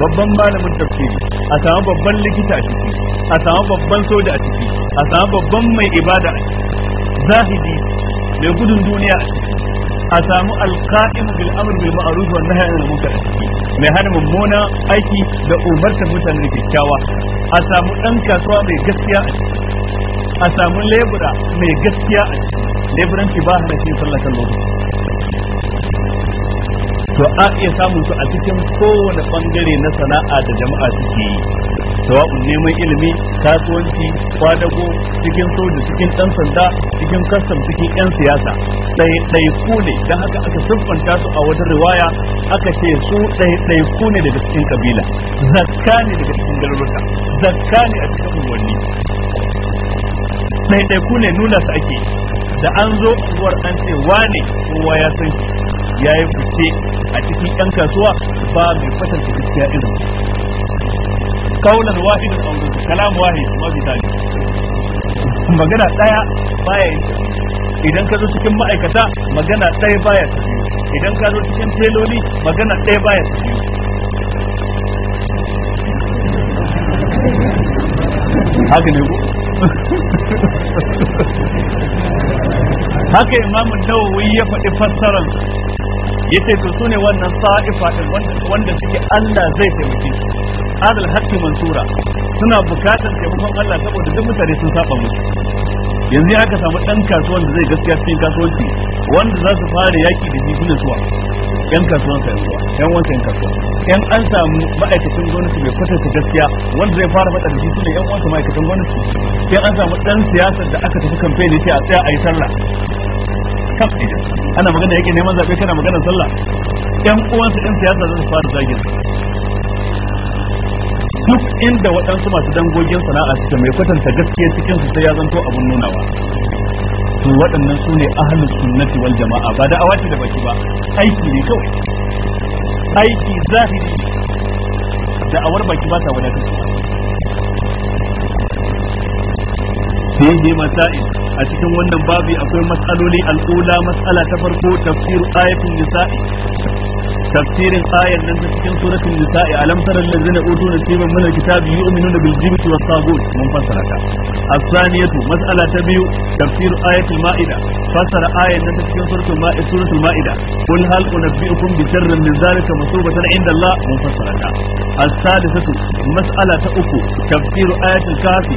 babban malamin tafsiri a samu babban likita a ciki a samu babban soja a ciki a samu babban mai ibada a ciki zahidi mai gudun duniya a ciki a samu alqa'im bil amr bil ma'ruf wa nahy anil munkar mai hana mummuna aiki da umartar mutanen kyakkyawa a samu ɗan kasuwa mai gaskiya a ciki a samu lebura mai gaskiya a leburan leburanci ba hana shi sallah kan lokaci to a iya samun su a cikin kowane bangare na sana'a da jama'a suke yi tawa'un neman ilimi kasuwanci kwadago cikin soja cikin dan sanda cikin kastam cikin yan siyasa ku ne don haka aka sunfanta su a wajen riwaya aka ce su ku ne daga cikin kabila zakka ne daga cikin garuruka zakka ne a cikin unguwanni ku ne nuna su ake da an zo unguwar an ce wane kowa ya san ya yi fice a cikin 'yan kasuwa ba mai kwatanta gaskiya irin kaunar wahid aw kalam wahid ma fi tali magana daya baya idan ka zo cikin ma'aikata magana daya baya idan ka zo cikin teloli magana daya baya haka ne ku haka imamu nawawi ya faɗi fassarar yace to sune wannan sa'ifa din wanda suke Allah zai taimake su adal hakki mansura suna bukatar taimakon Allah saboda duk mutane sun saba musu yanzu aka samu dan kasuwan da zai gaskiya cikin kasuwanci wanda za su fara yaki da shi sune suwa yan kasuwan sa yanzu yan wancan yan kasuwa yan an samu ma'aikatan gwamnati mai kwatanta gaskiya wanda zai fara faɗa da shi suna yan wancan ma'aikatan gwamnati yan an samu dan siyasar da aka tafi kamfe ne sai a tsaya a yi sallah kaf ne ana magana yake neman zaɓe kana magana sallah ɗan uwansa ɗan siyasa zai fara zagin duk inda waɗansu masu dangogin sana'a suke mai kwatanta gaskiya cikin su sai ya zanto abun nunawa to waɗannan su ne ahlus sunnati wal jama'a ba da awaki da baki ba aiki ne kawai aiki zahiri da awar baki ba ta wadatar fihi masail a cikin wannan babu akwai matsaloli al'ula matsala ta farko tafsiru ayatul nisa'i tafsirin ayar nan ta cikin suratul nisa'i alam taral ladzina utu nasiban min alkitabi yu'minuna bil jibti was tagut mun fassara ta as-saniyatu mas'ala ta biyu tafsir ayatul ma'ida fassara ayar nan ta cikin suratul ma'ida suratul ma'ida qul hal unabbiukum bi sharrin min zalika masubatan inda Allah mun fassara ta as-sadisatu mas'ala ta uku tafsir ayatul kafi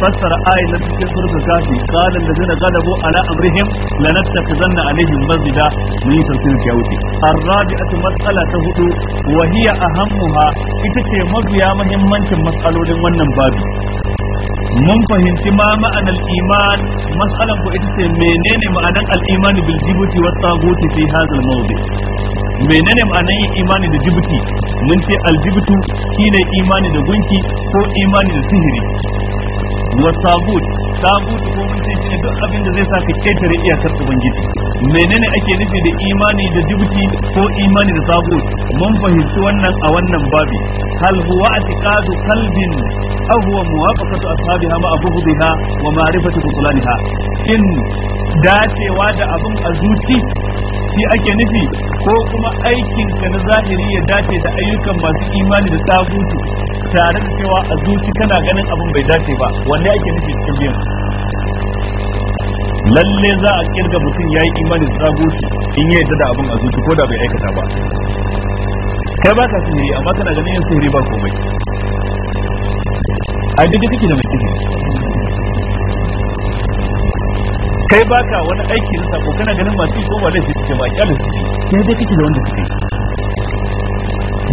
fassara ayat da cikin suratul kafi qalan ladina ghalabu ala amrihim lanattakhizanna alaihim masjida mun tafsir ya wuce arrabi'atu mas'ala ta hudu wa hiya ahammuha ita ce mabiya muhimmancin mas'alolin wannan babu mun fahimci ma ma'anar iman mas'alan ko ita ce menene ma'anar al-iman bil jibuti wa taghuti fi hadha al menene ma'anar yin imani da jibuti mun ce al-jibutu shine imani da gunki ko imani da sihiri wa sabut sabut ko mun ce shi duk abin da zai sa ka ketare iyakar ubangiji menene ake nufi da imani da jibuti ko imani da sabut mun fahimci wannan a wannan babi hal huwa atiqadu qalbin aw huwa muwafaqatu ashabiha ma abuhdiha wa ma'rifatu qulaniha in dacewa da abin a zuci shi ake nufi ko kuma aikin ka na zahiri ya dace da ayyukan masu imani da sabutu tare da cewa a zuci kana ganin abun bai dace ba wanne ake nufi cikin biyan lalle za a kirga mutum ya yi imanin tsagoshi in yi yadda da abin a zuci ko da bai aikata ba kai ba ka sihiri amma kana ganin yin sihiri ba komai a duka kake da mai sihiri kai ba ka wani aiki na sako kana ganin masu ko ba laifi suke ba kyalin su kai dai kake da wanda suke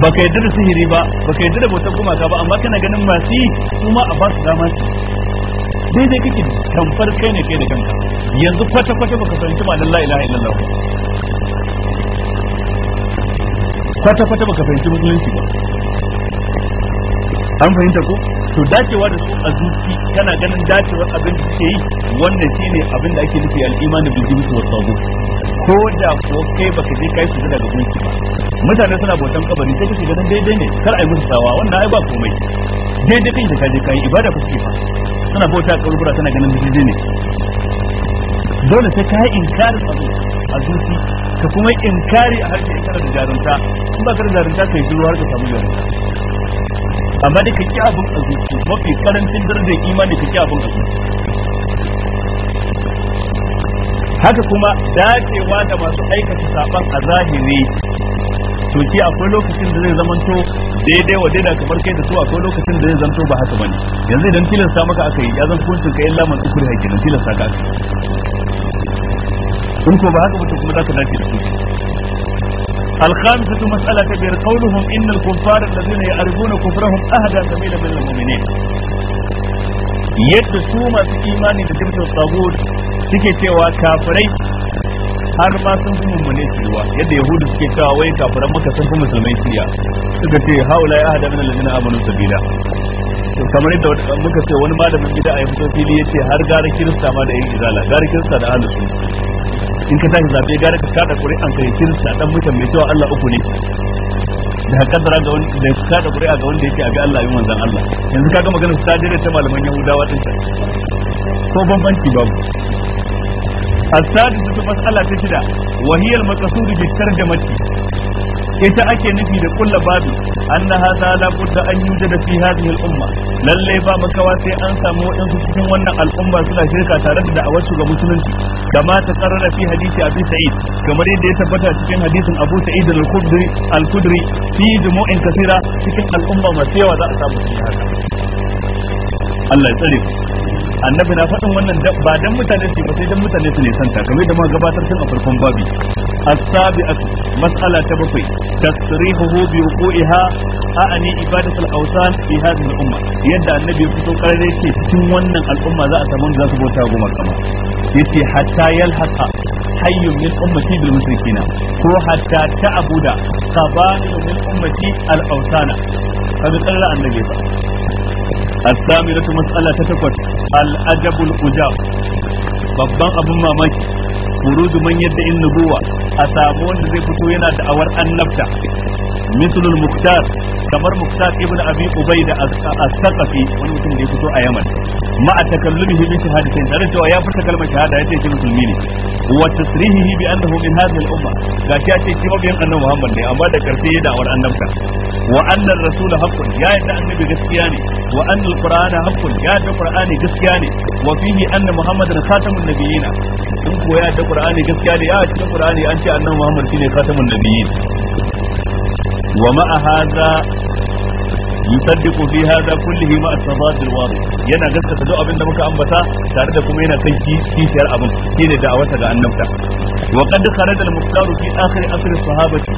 ba ka yadda da sihiri ba ba ka yadda da bautar gumaka ba amma kana ganin masu yi kuma a ba su dama su daidai kake tamfar kai ne kai da kanka yanzu kwata kwata baka fahimci ma'anar la ilaha illallah kwata kwata baka fahimci musulunci ba an fahimta ko to dacewa da su a zuci kana ganin dacewar abin da ke yi wannan shine abin da ake nufi al'imani bil jibti wa tagut ko da ko kai baka je kai su daga gunki ba mutane suna bautan kabari sai kake ganin daidai ne kar ai musu tawa wannan ai ba komai daidai kai da kaje kai ibada kuke fa tana bauta kaburbura tana ganin daidai ne dole sai ka yi inkarin abu a zuci ka kuma inkari a harshe kana da jarunta in ba ka da jarunta kai yi zuwa ka samu jarunta amma da ka ki abin a zuci mafi karancin darajar imani ka ki abin a zuci haka kuma dacewa da masu aikata saban a zahiri to shi akwai lokacin da zai zamanto daidai wa daidai kamar kai da su akwai lokacin da zai zamanto ba haka bane yanzu idan tilasta maka aka yi ya zan kuncin ka illa man ukuri hakki nan tilasta ka aka in ko ba haka ba to kuma zaka dace da su الخامسة مسألة كبير قولهم إن الكفار الذين يعرفون كفرهم أهدى سبيلا من المؤمنين yadda su masu imani da تكي tsagut suke cewa har ma sun fi mummune shiriwa yadda yahudu suke cewa wai kafiran maka sun fi musulmai shiriya suka ce haula ya hada mana alladhina amanu sabila to kamar yadda muka ce wani malamin gida a fito fili yace har gara kirista ma da yin izala gara kirista da ahlus in ka tashi zabe gara ka kada an kai kirista dan mutum mai cewa Allah uku ne da kaddara ga wani da ka kada a ga wanda yake ga Allah yin manzon Allah yanzu kaga maganar ta jira ta malaman Yahudawa din ko bambanci babu السادسة مسألة تشدة وهي المقصود بالترجمة ita ake nufi da kulla babu an na hada la an yujada fi hadhihi al-umma Lallai ba makawa sai an samu waɗansu cikin wannan al'umma suna shirka tare da da'awar su ga musulunci kama ta karara fi hadisi Abu Sa'id kamar yadda ya tabbata cikin hadisin Abu Sa'id al-Khudri al-Khudri fi jumu'in kasira cikin al'umma masu yawa za a samu haka Allah ya tsare annabi na faɗin wannan ba dan mutane su ba sai dan mutane su ne santa kamar da ma gabatar tun a farkon babi as-sabi'atu mas'ala ta bakwai tasrihuhu bi wuqu'iha a'ani ibadatu awsan fi hadhihi al-umma yadda annabi ya fito karare ce cikin wannan al'umma za a samu za su bauta goma kama yace hatta yalhaqa hayyun min ummati bil musrikina ko hatta ta'buda qaba'il min ummati al-awsana kaga kallar annabi ba الثامنة مسألة تتكوت الأدب الأجاب babban abin mamaki khuruju man yadda in nubuwa a samu wanda zai fito yana da awar annabta مثل المختار كمر مختار ابن ابي عبيده الثقفي wani mutum da ya fito a Yaman ma a takallumihi bi shahadatin tare cewa ya furta kalmar shahada ya ce shi musulmi ne wa tasrihihi bi annahu min hadhihi al-umma gashi yace shi mabiyan annabi Muhammad ne amma da karshe ya awar annabta wa anna ar-rasul haqqun ya yadda annabi gaskiya ne wa anna al-qur'ana haqqun ya yadda qur'ani gaskiya ne wa fihi anna muhammadan khatamun nabiyina in ko ya yadda qur'ani gaskiya ne a cikin qur'ani an ce annabi muhammad shine khatamun nabiyyin wa ma'a hadha fi في هذا كله مع التضاد الواضح yana gaskata duk abin da muka ambata tare da kuma yana kai kishiyar abin shine da'awarsa ga annabta wa qad kharaja al-muqtar fi akhir asr sahabati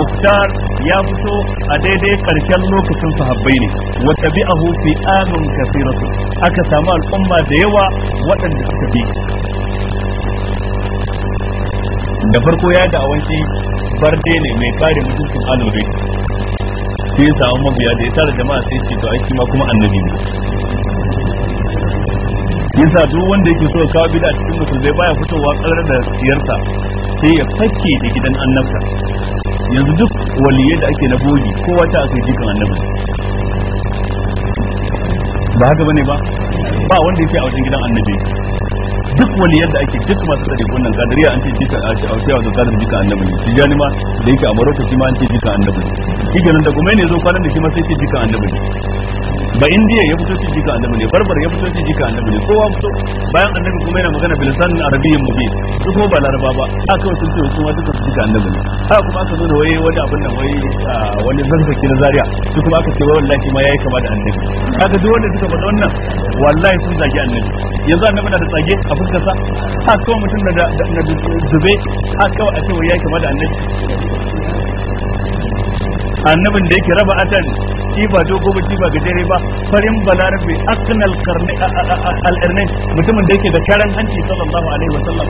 muqtar ya fito a daidai karshen lokacin sahabbai ne wa tabi'ahu fi amin kathiratu aka samu al'umma da yawa waɗanda suka bi da farko ya da awanci barde ne mai kare mutuncin alure sai ya samu mabiya da ya tara jama'a sai ce to aiki ma kuma annabi ne yasa duk wanda yake so kawo bid'a cikin musulmai baya fitowa karar da siyarsa sai ya fakke da gidan annabta yanzu duk waliyai da ake na bogi kowa ta aka jikan annabi ba haka bane ba ba wanda yake a wajen gidan annabi duk wani yadda ake duk masu tsare wannan gadariya an ce jikan ashiya wato kadar an annabi ne jani ma da yake a maroko shi ma an ce jika annabi ne shi ganin da kuma ne zo kwanan da shi ma sai ce an annabi ne ba indiya ya fito shi jika annabi ne barbar ya fito shi jika annabi ne kowa fito bayan annabi kuma yana magana bilisan arabiyyin mubin su kuma ba laraba ba a kawai sun ce su ma duka su jika annabi ne haka kuma aka zo da waye wani abin da wai wani zarzaki na zaria su kuma aka ce wai wallahi ma yayi kama da annabi haka duk wanda suka faɗa wannan wallahi sun zagi annabi yanzu annabi na da tsage a fuskarsa mutum na zube har kawai a cewa ya kama da annabi annabin da yake raba atan shi ba dogo ba shi ba gajere ba farin balarabe aknal karni al'irnai mutumin da yake da karan hanci sallallahu alaihi wa sallam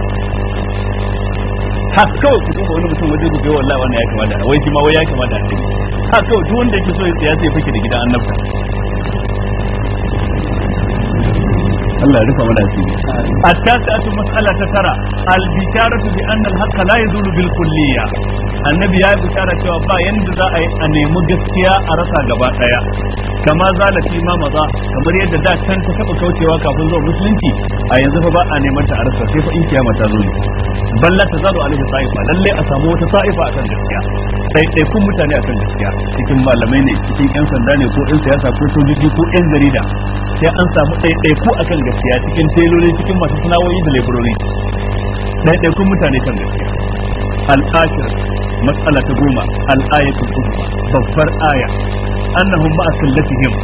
har ku duba wani mutum waje ga wallahi wannan ya kama da wai shi ma wai ya kama da annabi har duk wanda yake so ya tsaya sai fake da gidan annabta Allah ya rufa mana asiri at-tasi'atu mas'ala ta tara al-bisharatu bi anna al-haqqa la yazulu bil kulliyya annabi ya yi bishara cewa ba yanda za a yi a nemi gaskiya a rasa gaba daya kama zalafi ma maza kamar yadda da can ta taba kaucewa kafin zuwa musulunci a yanzu fa ba a neman ta a rasa sai fa in kiyama ta zo ne balla ta zaru alaihi sa'ifa lalle a samu wata sa'ifa akan gaskiya ɗaiɗaikun mutane akan gaskiya cikin malamai ne cikin yan sanda ne ko yan siyasa ko sojoji ko yan jarida sai an samu ɗaiɗaiku akan gaskiya cikin teloli cikin masu sana'o'i da laborori ɗaiɗaikun mutane kan gaskiya al'ashir matsala ta goma al'ayatul uzma babbar aya annahum ma'a lafihim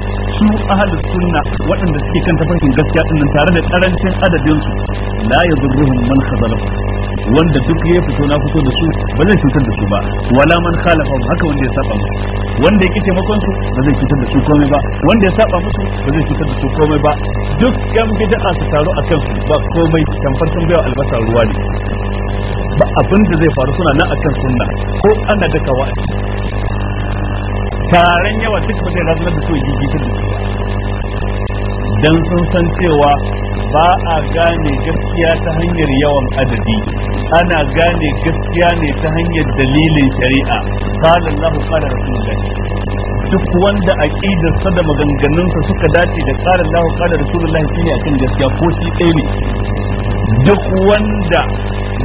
su ahli sunna waɗanda suke kan tafarkin gaskiya din tare da karancin adadin su la yadurruhum man khazalafu wanda duk ya fito na fito da su ba zai cutar da su ba wala man khalafa haka wanda ya saba musu wanda yake taimakon su ba zai cutar da su komai ba wanda ya saba musu ba zai cutar da su komai ba duk yan bid'a su taru akan su ba komai tamfar sun bayo albasa ruwa ne ba abin da zai faru suna nan akan sunna ko ana da kawai. taron yawa duk ba zai razanar da su yi da su dan sun san cewa ba a gane gaskiya ta hanyar yawan adadi ana gane gaskiya ne ta hanyar dalilin shari'a qala Allahu qala rasulullah duk wanda aqidarsa da maganganunsa suka dace da qala Allahu qala rasulullah shine akan gaskiya ko shi ɗaya ne duk wanda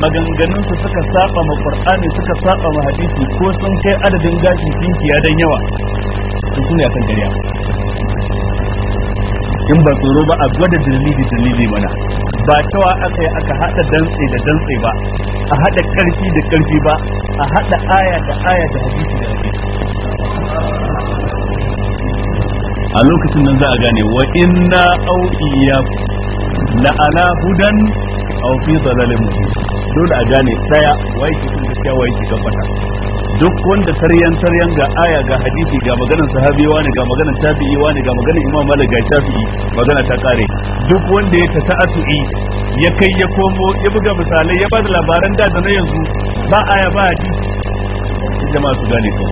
maganganunsu suka saba ma qur'ani suka saba ma hadisi ko sun kai adadin gashin ya dan yawa sun ya san gariya in ba tsoro ba a gwada dalili dalili mana ba cewa aka yi aka hada dantse da dantse ba a hada karfi da karfi ba a hada aya da aya da hadisi da hadisi a lokacin nan za a gane wa inna au iyyaku la ala hudan aw fi dalalin mu dole a gane daya wai ki kun gaskiya wai ki tabbata duk wanda taryan taryan ga aya ga hadisi ga maganar sahabi wani ga maganar tabi'i wani ga maganar imam malik ga tabi'i magana ta kare duk wanda ya ta ta'asu'i ya kai ya komo ya buga misalai ya ba da labaran da da na yanzu ba aya ba hadisi jama'a su gane ko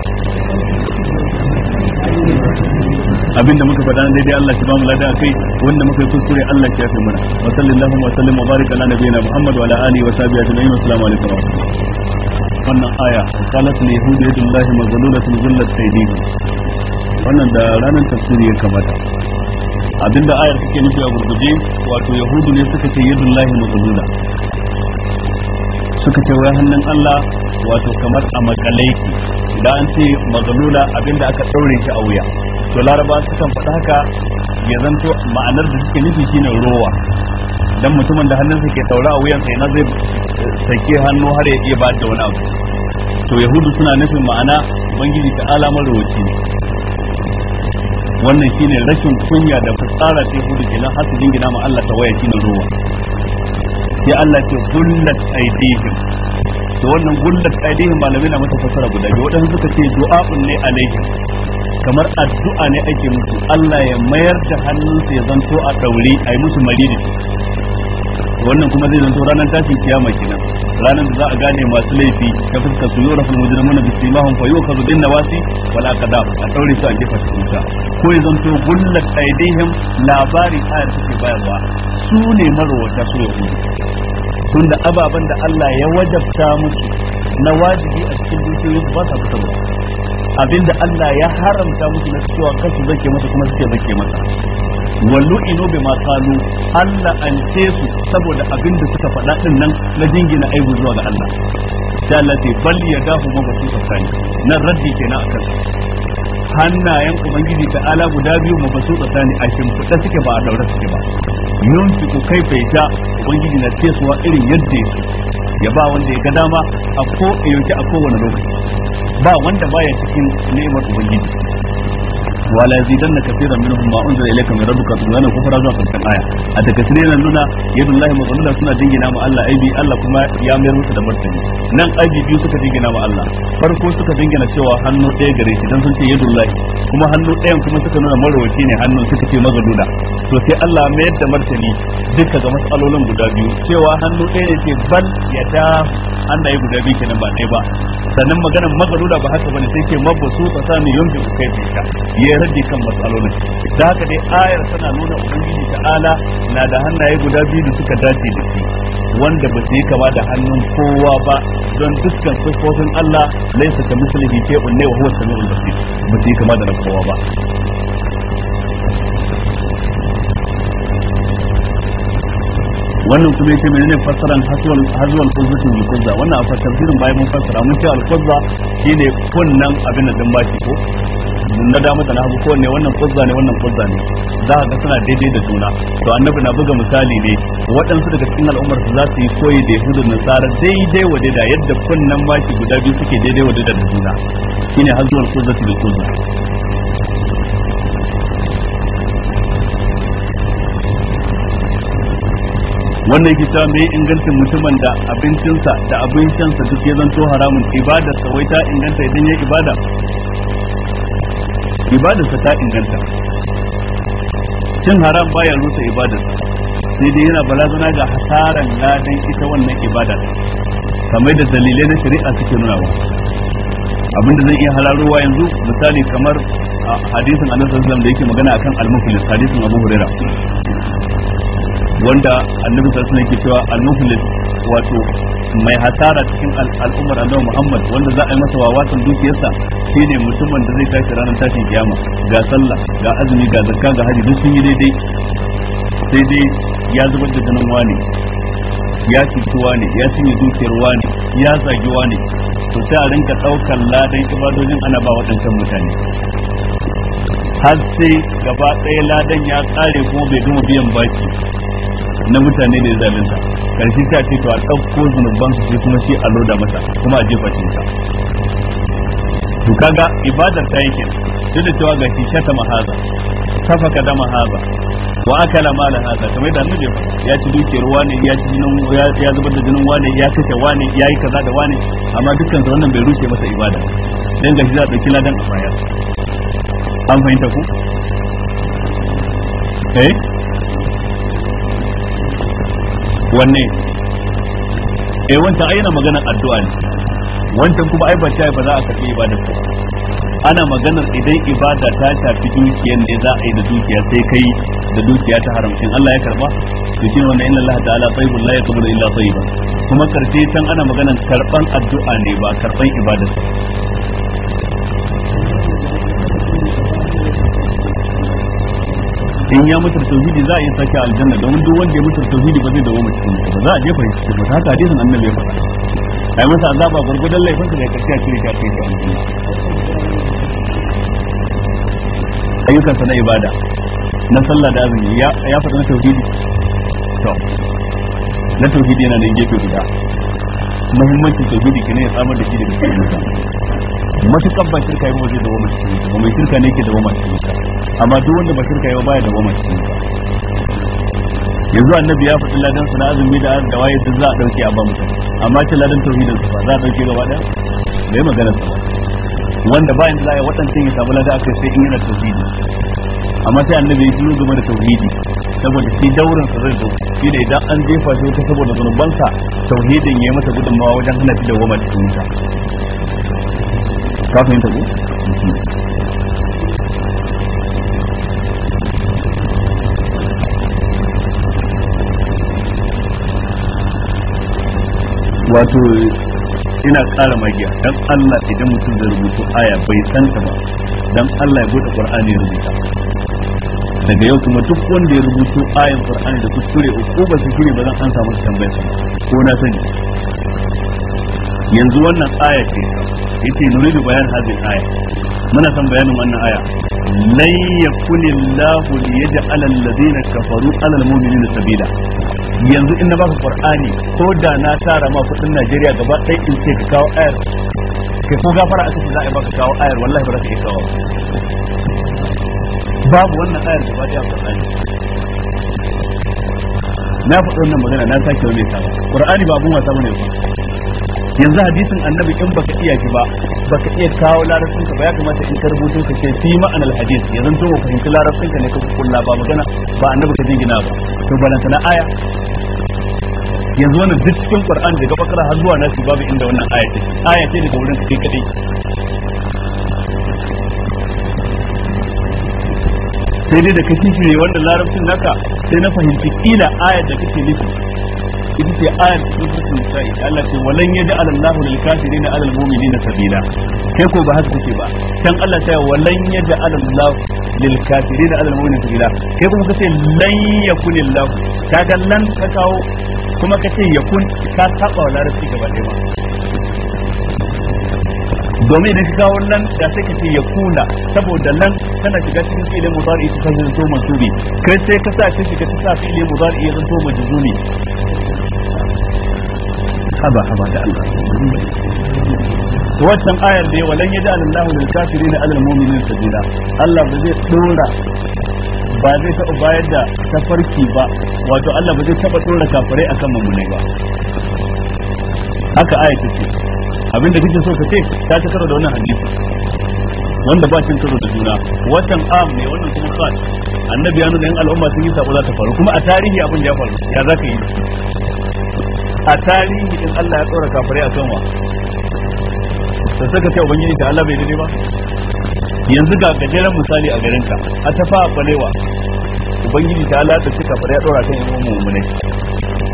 Abin da muka faɗa na daidai Allah shi ba mu lada kai wanda muka yi kuskure Allah shi ya fi mana wa sallallahu wa sallam wa baraka ala nabiyina Muhammad wa ala alihi wa sahbihi ajma'in assalamu alaikum wa wannan aya qalat li yahudiyyatullahi mazlulatun zullat sayyidihim wannan da ranar tafsiri ya kamata abinda ayar take nufi a gurguje wato yahudu ne suka ce yadullahi mazlula suka ce wai hannun Allah wato kamar a makalaiki da an ce mazlula abinda aka daure shi a wuya to laraba sukan faɗa haka ya zanto ma'anar da suke nufi shine rowa dan mutumin da hannunsa ke taura a wuyansa yana zai sake hannu har ya iya ba da wani abu to yahudu suna nufin ma'ana ubangiji ta alamar rowaci ne wannan shine rashin kunya da fasara ta yahudu kenan har su jingina ma Allah ta waya shine rowa sai Allah ke gullat aidihim to wannan gullat aidihim malamai na mata fasara guda biyu wadanda suka ce du'a'un ne alaihim kamar addu'a ne ake musu Allah ya mayar da hannunsa ya zanto a daure a yi musu maridi wannan kuma zai zanto ranar tashin kiyama kenan ranar da za a gane masu laifi ta fuskar su yura fil mujrimu na simahum fa yukhadhu bin nawasi wal aqdam a daure su a gefa su wuta ko ya zanto gullat aidihim labari ayar take bayarwa su ne marwata su ne tunda ababen da Allah ya wajabta musu na wajibi a cikin dukiyoyin ba sa fita ba abinda Allah ya haramta musu na cewa kasu zake masa kuma suke zake masa wallu ino bi makalu Allah an su saboda abinda suka faɗa din nan na jingina aibu zuwa ga Allah da Allah sai bal ya dafu ma basu tsakani nan raddi kenan akan hannayen ubangiji ta ala guda biyu ma basu tsakani a shimfiɗa suke ba a daura suke ba yunfiku kai bai ta ubangiji na tesuwa irin yadda yake ya ba wanda ya ga dama a ko yaushe a kowane lokaci ba wanda baya cikin ni'imar ubangiji wala yazidanna min minhum ma unzila ilayka min rabbika tughyanan kufra zuwa karshen aya a takasire nan nuna yadullahi mazlula suna dingina ma Allah aibi Allah kuma ya mayar musu da martani nan aibi biyu suka dingina ma Allah farko suka dingina cewa hannu ɗaya gare shi dan sun ce ya yadullahi kuma hannu ɗayan kuma suka nuna marwaci ne hannu suka ce mazlula to sai Allah mayar yadda martani duka ga mas'alolin guda biyu cewa hannu ɗaya ne ce ban ya da ta hannaye guda biyu kenan ba ɗaya ba sannan maganar mazlula ba haka bane sai ce mabbasu fasani yunfi kaifa ya ya kan matsalolin da haka dai ayar tana nuna ubangiji ta'ala na da hannaye guda biyu da suka dace da shi wanda ba su yi kama da hannun kowa ba don dukkan sufofin Allah laisa ka mislihi ke ne wa huwa samiul basir ba su yi kama da na kowa ba wannan kuma mai ne fassaran hasuwan hasuwan quzzati wal quzza wannan akwai tafsirin bayan mun fassara mun ce al kuzza shine kunnan abin da din baki ko na da mata na hagu ko ne wannan kuzza ne wannan kuzza ne za ka ga suna daidai da juna to annabi na buga misali ne waɗansu daga cikin al'ummar su za su yi koyi da yahudun nasara daidai wa daidai yadda kunnan baki guda biyu suke daidai wa daidai da juna shine hasuwan quzzati da kuzza wannan yake cewa mai ingancin mutumin da abincinsa da abincinsa duk ya zanto haramun ibadar sa wai ta inganta idan ya ibada ibadar sa ta inganta cin haram baya rusa ibadar sai dai yana balazana ga hasaran ladan ita wannan ibada kamar da dalilai na shari'a suke nuna ba abinda zan iya halarowa yanzu misali kamar ah, hadisin annabi sallallahu alaihi da yake magana akan al-muflis hadisin Abu Hurairah wanda annabi sallallahu alaihi wasallam yake cewa al-muflis wato mai hasara cikin al'ummar annabi Muhammad wanda za a yi masa wawatan dukiyarsa shine mutumin da zai tashi ranar tashin kiyama ga sallah ga azumi ga zakka ga haji duk sun yi daidai sai dai ya zubar da jinin wani ya cuci wani ya cinye dukiyar wani ya zagi wani to sai a rinka daukar ladan ibadojin ana ba waɗancan mutane har sai gaba ɗaya ladan ya tsare kuma bai gama biyan baki na mutane da ya zalunta karshe ta ce to a ɗauko zunuban su sai kuma shi a loda masa kuma a jefa shi ta to kaga ibadar ta yake duk da cewa ga shi ta mahaza safa kada mahaza wa akala mala hada kamar da annabi ya ci ruwa ne ya ci jinin ya zubar da jinin wani ya kace wani ya yi kaza da wani amma dukkan su wannan bai ruce masa ibada dan gashi za a dauki ladan a baya an fahimta ku eh wanne eh wancan ai yana maganar addu'a ne wancan kuma ai ba ta ba za a karbi ibadar ta ana maganar idan ibada ta fi dukiyar da za a yi da dukiya sai kai da dukiya ta haramcin Allah ya karba to shine wannan inna Allah ta'ala tayyibul la yaqbalu illa tayyiban kuma karshe san ana maganar karban addu'a ne ba karban ibadar in ya mutu da tauhidi za a yi sake aljanna domin duk wanda ya mutu da tauhidi ba zai dawo mu cikin ba za a jefa shi cikin ba haka hadisin annabi ya faɗa ai masa azaba gurgudan laifin ka da karshe a cire shi kai shi aljanna ayyukan sa na ibada na sallah da azumi ya ya faɗa na tauhidi to na tauhidi yana da gefe guda muhimmancin tauhidi kenan ya samar da shi da cikin matukan ba shirka yi ba zai dawo mace cikin ba mai shirka ne ke dawo mace cikin amma duk wanda ba shirka yi ba ya dawo mace cikin yanzu annabi ya faɗi ladan suna azumi da da waye duk za a dauke a ba amma cin ladan tauhidin su ba za a dauke gaba da bai magana su wanda ba yanzu za a yi waɗancan ya samu ladan aka sai in yana tauhidi amma sai annabi ya shiru game da tauhidi saboda shi daurin sa zai zo shi da idan an jefa shi wata saboda zunubansa tauhidin ya yi masa gudunmawa wajen hana shi da goma cikin ka fahimta ko wato ina ƙara magiya dan Allah idan mutum da rubutu aya bai ta ba dan Allah ya bude Qur'ani ya rubuta daga yau kuma duk wanda ya rubuto ayan Qur'ani da kuskure ko ba su kire ba zan an samu tambaya ko na sani yanzu wannan aya ce yace nuridu bayan hadin aya muna san bayanin wannan aya lan yakuni Allahu liyaj'al alladhina kafaru 'ala almu'minina sabila yanzu in na baka qur'ani ko da na tara ma kudin Najeriya gaba ɗaya in ce ka kawo ayar ka ko gafara aka ce za a baka kawo ayar wallahi ba za ka iya kawo babu wannan ayar gaba ɗaya qur'ani na faɗi wannan magana na sake wani ta qur'ani ba abun wasa bane ba yanzu hadisin annabi in baka iya shi ba baka iya kawo larabcin ka ba ya kamata in ka rubutun ka ce fi ma'anar hadis ya zanto ka fahimci larabcin ka ne ka kulla ba magana ba annabi ka jingina ba to balanta na aya yanzu wannan duk cikin qur'ani daga bakara har zuwa nasi babu inda wannan aya ce aya ce daga wurin kai kadai sai dai da kashi shi ne wanda larabcin naka sai na fahimci kila aya da kake nufi ita ce ayat suratul nisa'i Allah ce walan yaj'al Allahu lil kafirina 'ala al-mu'minina sabila kai ko ba haka kuke ba dan Allah ya walan yaj'al Allahu lil kafirina 'ala al-mu'minina sabila kai kuma kace lan yakun Allah ga lan ka kawo kuma kace yakun ka saba wa larabci gaba ɗaya ba domin idan ka kawo nan da sai ka ce ya kula saboda nan tana shiga cikin filin fi'ilin mudari ta sai zanto mansubi kai sai ka sa ta shiga ta filin fi'ilin mudari ya zanto majzumi haba haba da Allah wannan ayar da walan yaj'al Allahu lil kafirin 'ala al mu'minin sabila Allah ba zai dora ba zai taɓa bayar da tafarki ba wato Allah ba zai taɓa dora kafirai akan mummunai ba haka ayar take abinda kike so ka ce ta ta karo da wannan hadisi wanda ba cin karo da juna watan am ne wannan kuma khas annabi ya nuna yan al'umma sun yi sabo za ta faru kuma a tarihi abin ya faru ya za ka yi a tarihi din Allah ya tsora kafirai a kanwa da suka ce ubangiji ta Allah bai dade ba yanzu ga gajeren misali a garin ka a tafa a balewa ubangiji ta Allah ta cika kafirai ya tsora kan yan mu'mini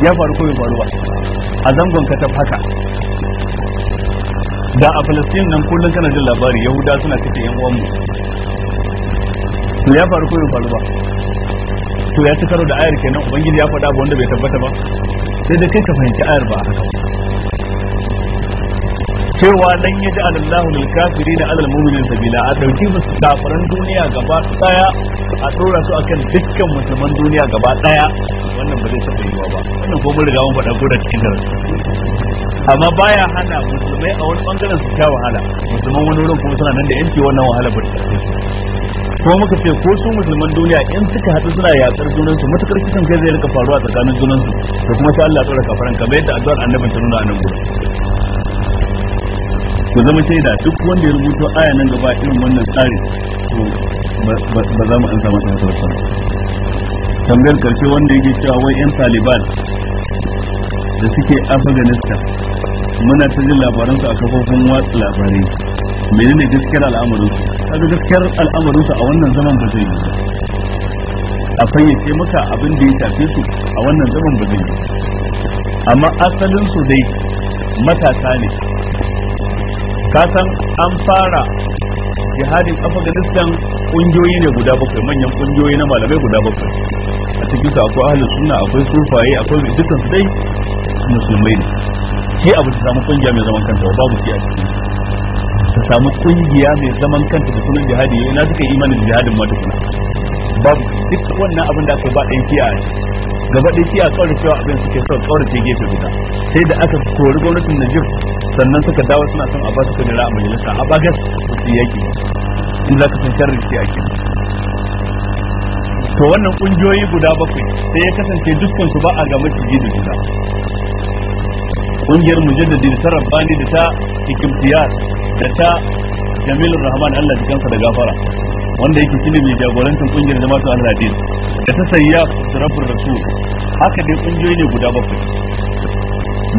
ya faru ko bai faru ba a zangon ka haka da a Palestine nan kullum kana jin labari Yahuda suna cikin yan uwan mu ya faru ko bai faru ba to ya tsakaro da ayar kenan ubangiji ya faɗa abu wanda bai tabbata ba sai da kai ka fahimci ayar ba haka ba cewa dan ya ji alallahu lil kafiri da alal mu'minin sabila a dauki musu kafiran duniya gaba daya a tsora su akan dukkan musulman duniya gaba daya wannan ba zai taɓa yiwa ba wannan ko mun riga mun faɗa ko da cikin darasi amma baya hana musulmai a wani bangaren su sha wahala musulman wani wurin kuma suna nan da yanke wannan wahala ba ko muka ce ko su musulman duniya in suka haɗu suna yaƙar junansu matukar kisan kai zai rika faruwa tsakanin junansu da kuma sai Allah tsara kafaran kamar yadda addu'ar annabi ta nuna nan gudu ku zama shaida duk wanda ya rubuto aya nan gaba irin wannan tsari to ba za mu samu masa ba. tambayar karshe wanda yake cewa wai yan taliban da suke afganistan muna ta jin labaransu a kafofin watsa labarai menene gaskiyar al'amarin su kaga gaskiyar al'amarin su a wannan zaman ba zai yi a fayyace maka abin da ya shafe su a wannan zaman ba zai yi amma asalin su dai matasa ne ka san an fara jihadin afghanistan kungiyoyi ne guda bakwai manyan kungiyoyi na malamai guda bakwai a cikin su akwai ahlus sunna akwai sufaye akwai dukkan su dai musulmai ne shi abu ta samu kungiya mai zaman kanta babu shi a cikin samu kungiya mai zaman kanta da sunan jihadi ina suka yi imanin jihadin ma tukuna babu duk wannan abin da aka ba ɗan kiya gaba ɗaya kiya kawai cewa abin suke so ce gefe guda sai da aka kori gwamnatin Najib sannan suka dawo suna son a ba su kanira a majalisa a bagas su yaki in za ka san sharri sai ake to wannan kungiyoyi guda bakwai sai ya kasance dukkan su ba a ga maciji da juna kungiyar mujaddadi da ta rabbani da ta ikimtiyar da ta jamil rahman allah kansa da gafara wanda yake shine mai jagorancin kungiyar jama'atu al-hadis da ta sayya rabbul rasul haka dai kungiyoyi ne guda bakwai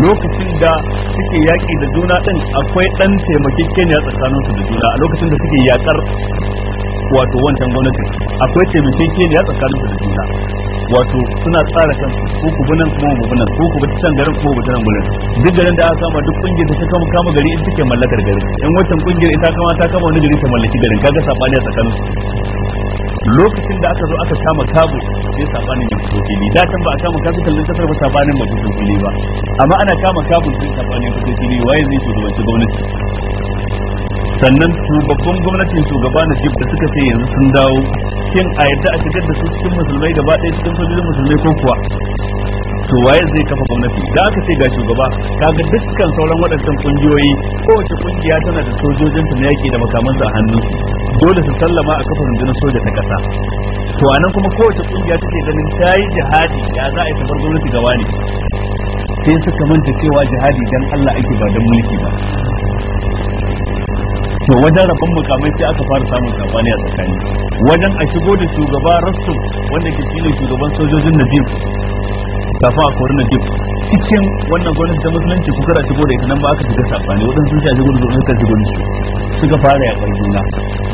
lokacin da suke yaƙi da juna din akwai dan tsakanin su da juna a lokacin da suke yakar wato wancan gwamnatin akwai ya tsakanin su da juna wato suna tsara kan ko ku binan kuma mu binan ko ku bi can garin kuma bi nan gurin duk garin da aka kama duk kungiyar da ta kama kama gari in take mallakar garin in wancan kungiyar ita kama ta kama wani gari ta mallaki garin kaga sabani a tsakanin su lokacin da aka zo aka kama kabo sai sabanin ya fito fili da tan ba a kama kabo kallon kasar ba sabanin ba fili ba amma ana kama kabo sai sabanin ya fito fili waye zai shugabanci gwamnati sannan shugaban gwamnatin shugaba na shi da suka ce yanzu sun dawo shin a yadda a shigar da su cikin musulmai gaba ɗaya cikin sojojin musulmai ko kuwa to waye zai kafa gwamnati da aka ce ga shugaba kaga dukkan sauran waɗannan kungiyoyi kowace kungiya tana da sojojinta na yaƙi da makamansa a hannu dole su sallama a kafa rundunar soja ta ƙasa to anan kuma kowace kungiya take ganin ta yi jihadi ya za a yi tabar gwamnati gaba ne? sai suka manta cewa jihadi dan Allah ake ba dan mulki ba to wajen rabon mukamai sai aka fara samun sabani a tsakani wajen a shigo da shugaba rasul wanda ke shine shugaban sojojin najib kafa a kori najib cikin wannan gwamnati ta musulunci kuka da shigo da ita nan ba aka shiga sabani wadansu sun shigo da shigo da su suka fara yaƙar juna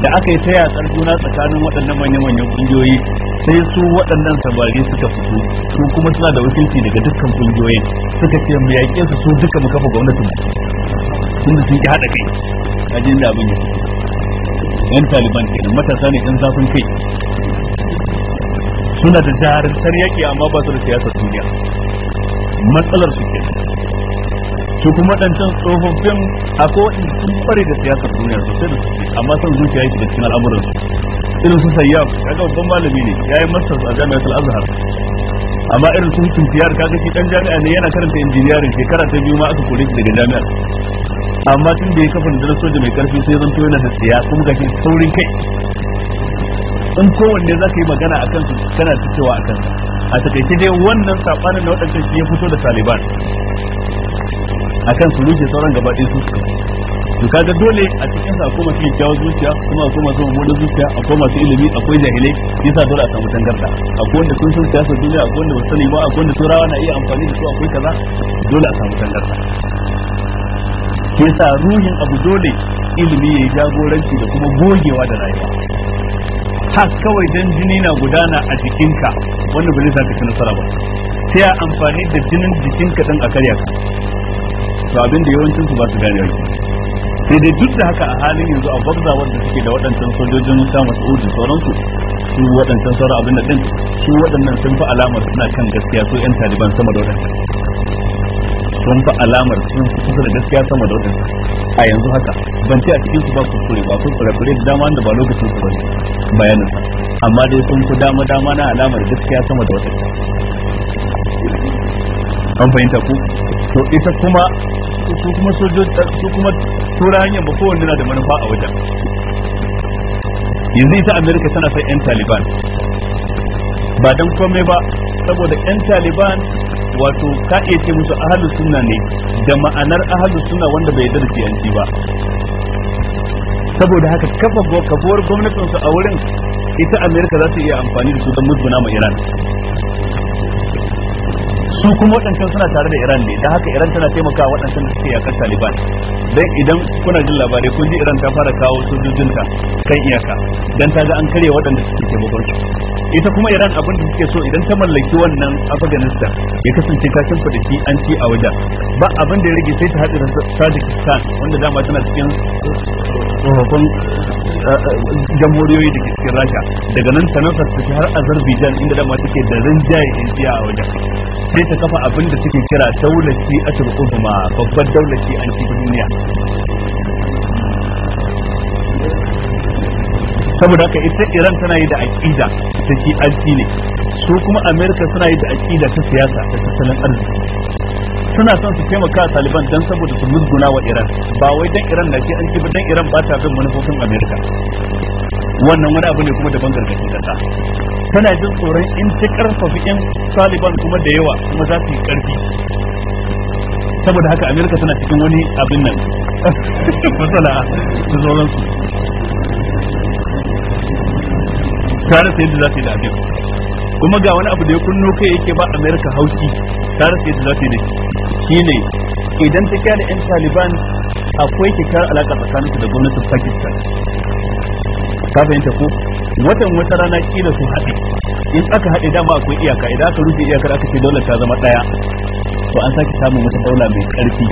da aka yi ta yaƙar juna tsakanin waɗannan manya-manyan ƙungiyoyi sai su waɗannan sabari suka fito su kuma suna da wakilci daga dukkan ƙungiyoyin suka ce mu yaƙe su su duka mu kafa gwamnatin tunda sun ki hada kai jin da abin yan taliban da matasa ne yan zafin kai suna da jarumtar yaki amma ba su da siyasar duniya matsalar su ke. su kuma waɗancan tsofaffin a kowace sun kware da siyasar duniya sosai da sosai amma son zuciya yake da cikin al'amuran su irin su sayyaf ga babban malami ne yayi masters a jami'ar al-azhar amma irin su hukun tiyar ga shi dan jami'a ne yana karanta engineering shekara ta biyu ma aka kore shi daga jami'ar amma tun da ya kafa da soja mai karfi sai zan yana da tsiya kuma shi saurin kai in kowanne za ka yi magana a kansu kana ta cewa a kansa a takaice dai wannan sabanin na waɗancan shi ya fito da taliban akan su rushe sauran gaba ɗaya su suka to kaga dole a cikin sa akwai masu kyakkyawar zuciya kuma akwai masu mummunar zuciya akwai masu ilimi akwai jahilai yasa dole a samu tangarda akwai wanda sun san siyasar duniya akwai wanda ba sani ba akwai wanda turawa na iya amfani da su akwai kaza dole a samu tangarda yasa ruhin abu dole ilimi ya yi jagoranci da kuma gogewa da rayuwa har kawai dan jini na gudana a jikinka wanda ba zai sa ka nasara ba sai a amfani da jinin jikinka dan a karya ka to abin da yawancin su ba su gane yake sai dai duk da haka a halin yanzu a gwabza wanda suke da waɗancan sojojin sa masu da sauransu su waɗancan sauran abin da ɗin su waɗannan sun fi alamar suna kan gaskiya su 'yan taliban sama da waɗancan sun fi alamar sun fi kusa da gaskiya sama da waɗancan a yanzu haka ban ce a cikin su ba kuskure ba su kurakure da dama da ba lokacin su ba bayanin amma dai sun fi dama dama na alamar gaskiya sama da waɗancan an fahimta ku to ita kuma su kuma sojoji su kuma tura hanyar ba kowanne na da manufa a wajen yanzu ita amerika tana sai yan taliban ba dan komai ba saboda yan taliban wato ka iya ce musu ahalus sunna ne da ma'anar ahalus sunna wanda bai yarda da siyanci ba saboda haka kafa kafuwar gwamnatinsu a wurin ita amerika za su iya amfani da su don musguna ma iran su kuma waɗancan suna tare da Iran ne da haka Iran tana taimakawa waɗancan da suke yakar Taliban don idan kuna jin labarai kun ji Iran ta fara kawo sojojinta kan iyaka don ta ga an karya waɗanda suke taimakon su ita kuma iran abin da suke so idan ta mallaki wannan afghanistan ya kasance ta kimfa da shi an ci a wajen ba abin da ya rage sai ta hada da tajikistan wanda dama tana cikin uh, tsohon uh, uh, jamhuriyoyi da ke cikin rasha daga nan ta nufa ta har azerbaijan inda dama take da rinjaye indiya a wajen sai ta kafa abin da suke kira daulaci a turkuduma babbar daulaci an ci duniya saboda haka ita iran tana yi da aƙida ta shi'anci ne su kuma amerika suna yi da aƙida ta siyasa da tattalin arziki suna son su taimaka a taliban don saboda su musguna wa iran ba wai dan iran na an ba dan iran ba ta bin manufofin amerika wannan wani abu ne kuma daban gargaɗi kasa tana jin tsoron in ta karfafa in taliban kuma da yawa kuma za su yi karfi saboda haka amerika tana cikin wani abin nan matsala da su tare rasa yadda za ta yi da abin kuma ga wani abu da ya kunno kai yake ba amerika haushi tare rasa yadda za ta yi da shi ne idan ta kyale yan taliban akwai kyakkyar alaka tsakanin da gwamnatin pakistan ka fahimta ko watan wata rana kila su haɗe in aka haɗe dama akwai iyaka idan aka rufe iyakar aka ce dole ta zama ɗaya to an sake samun wata daula mai ƙarfi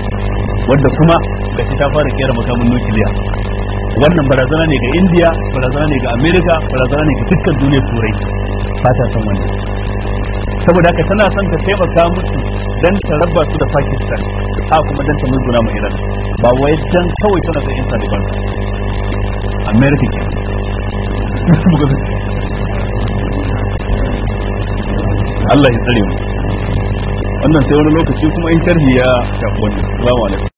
wadda kuma ga ta fara kera makamin nukiliya wannan barazana ne ga indiya barazana ne ga america barazana ne ga dukkan duniyar turai ba ta san wannan saboda haka tana son ta taimaka musu dan ta raba su da pakistan a kuma dan ta muzguna mu iran ba wai dan kawai tana son insa da barka america ke Allah ya tsare mu wannan sai wani lokaci kuma in sharhi ya shafi wannan alaikum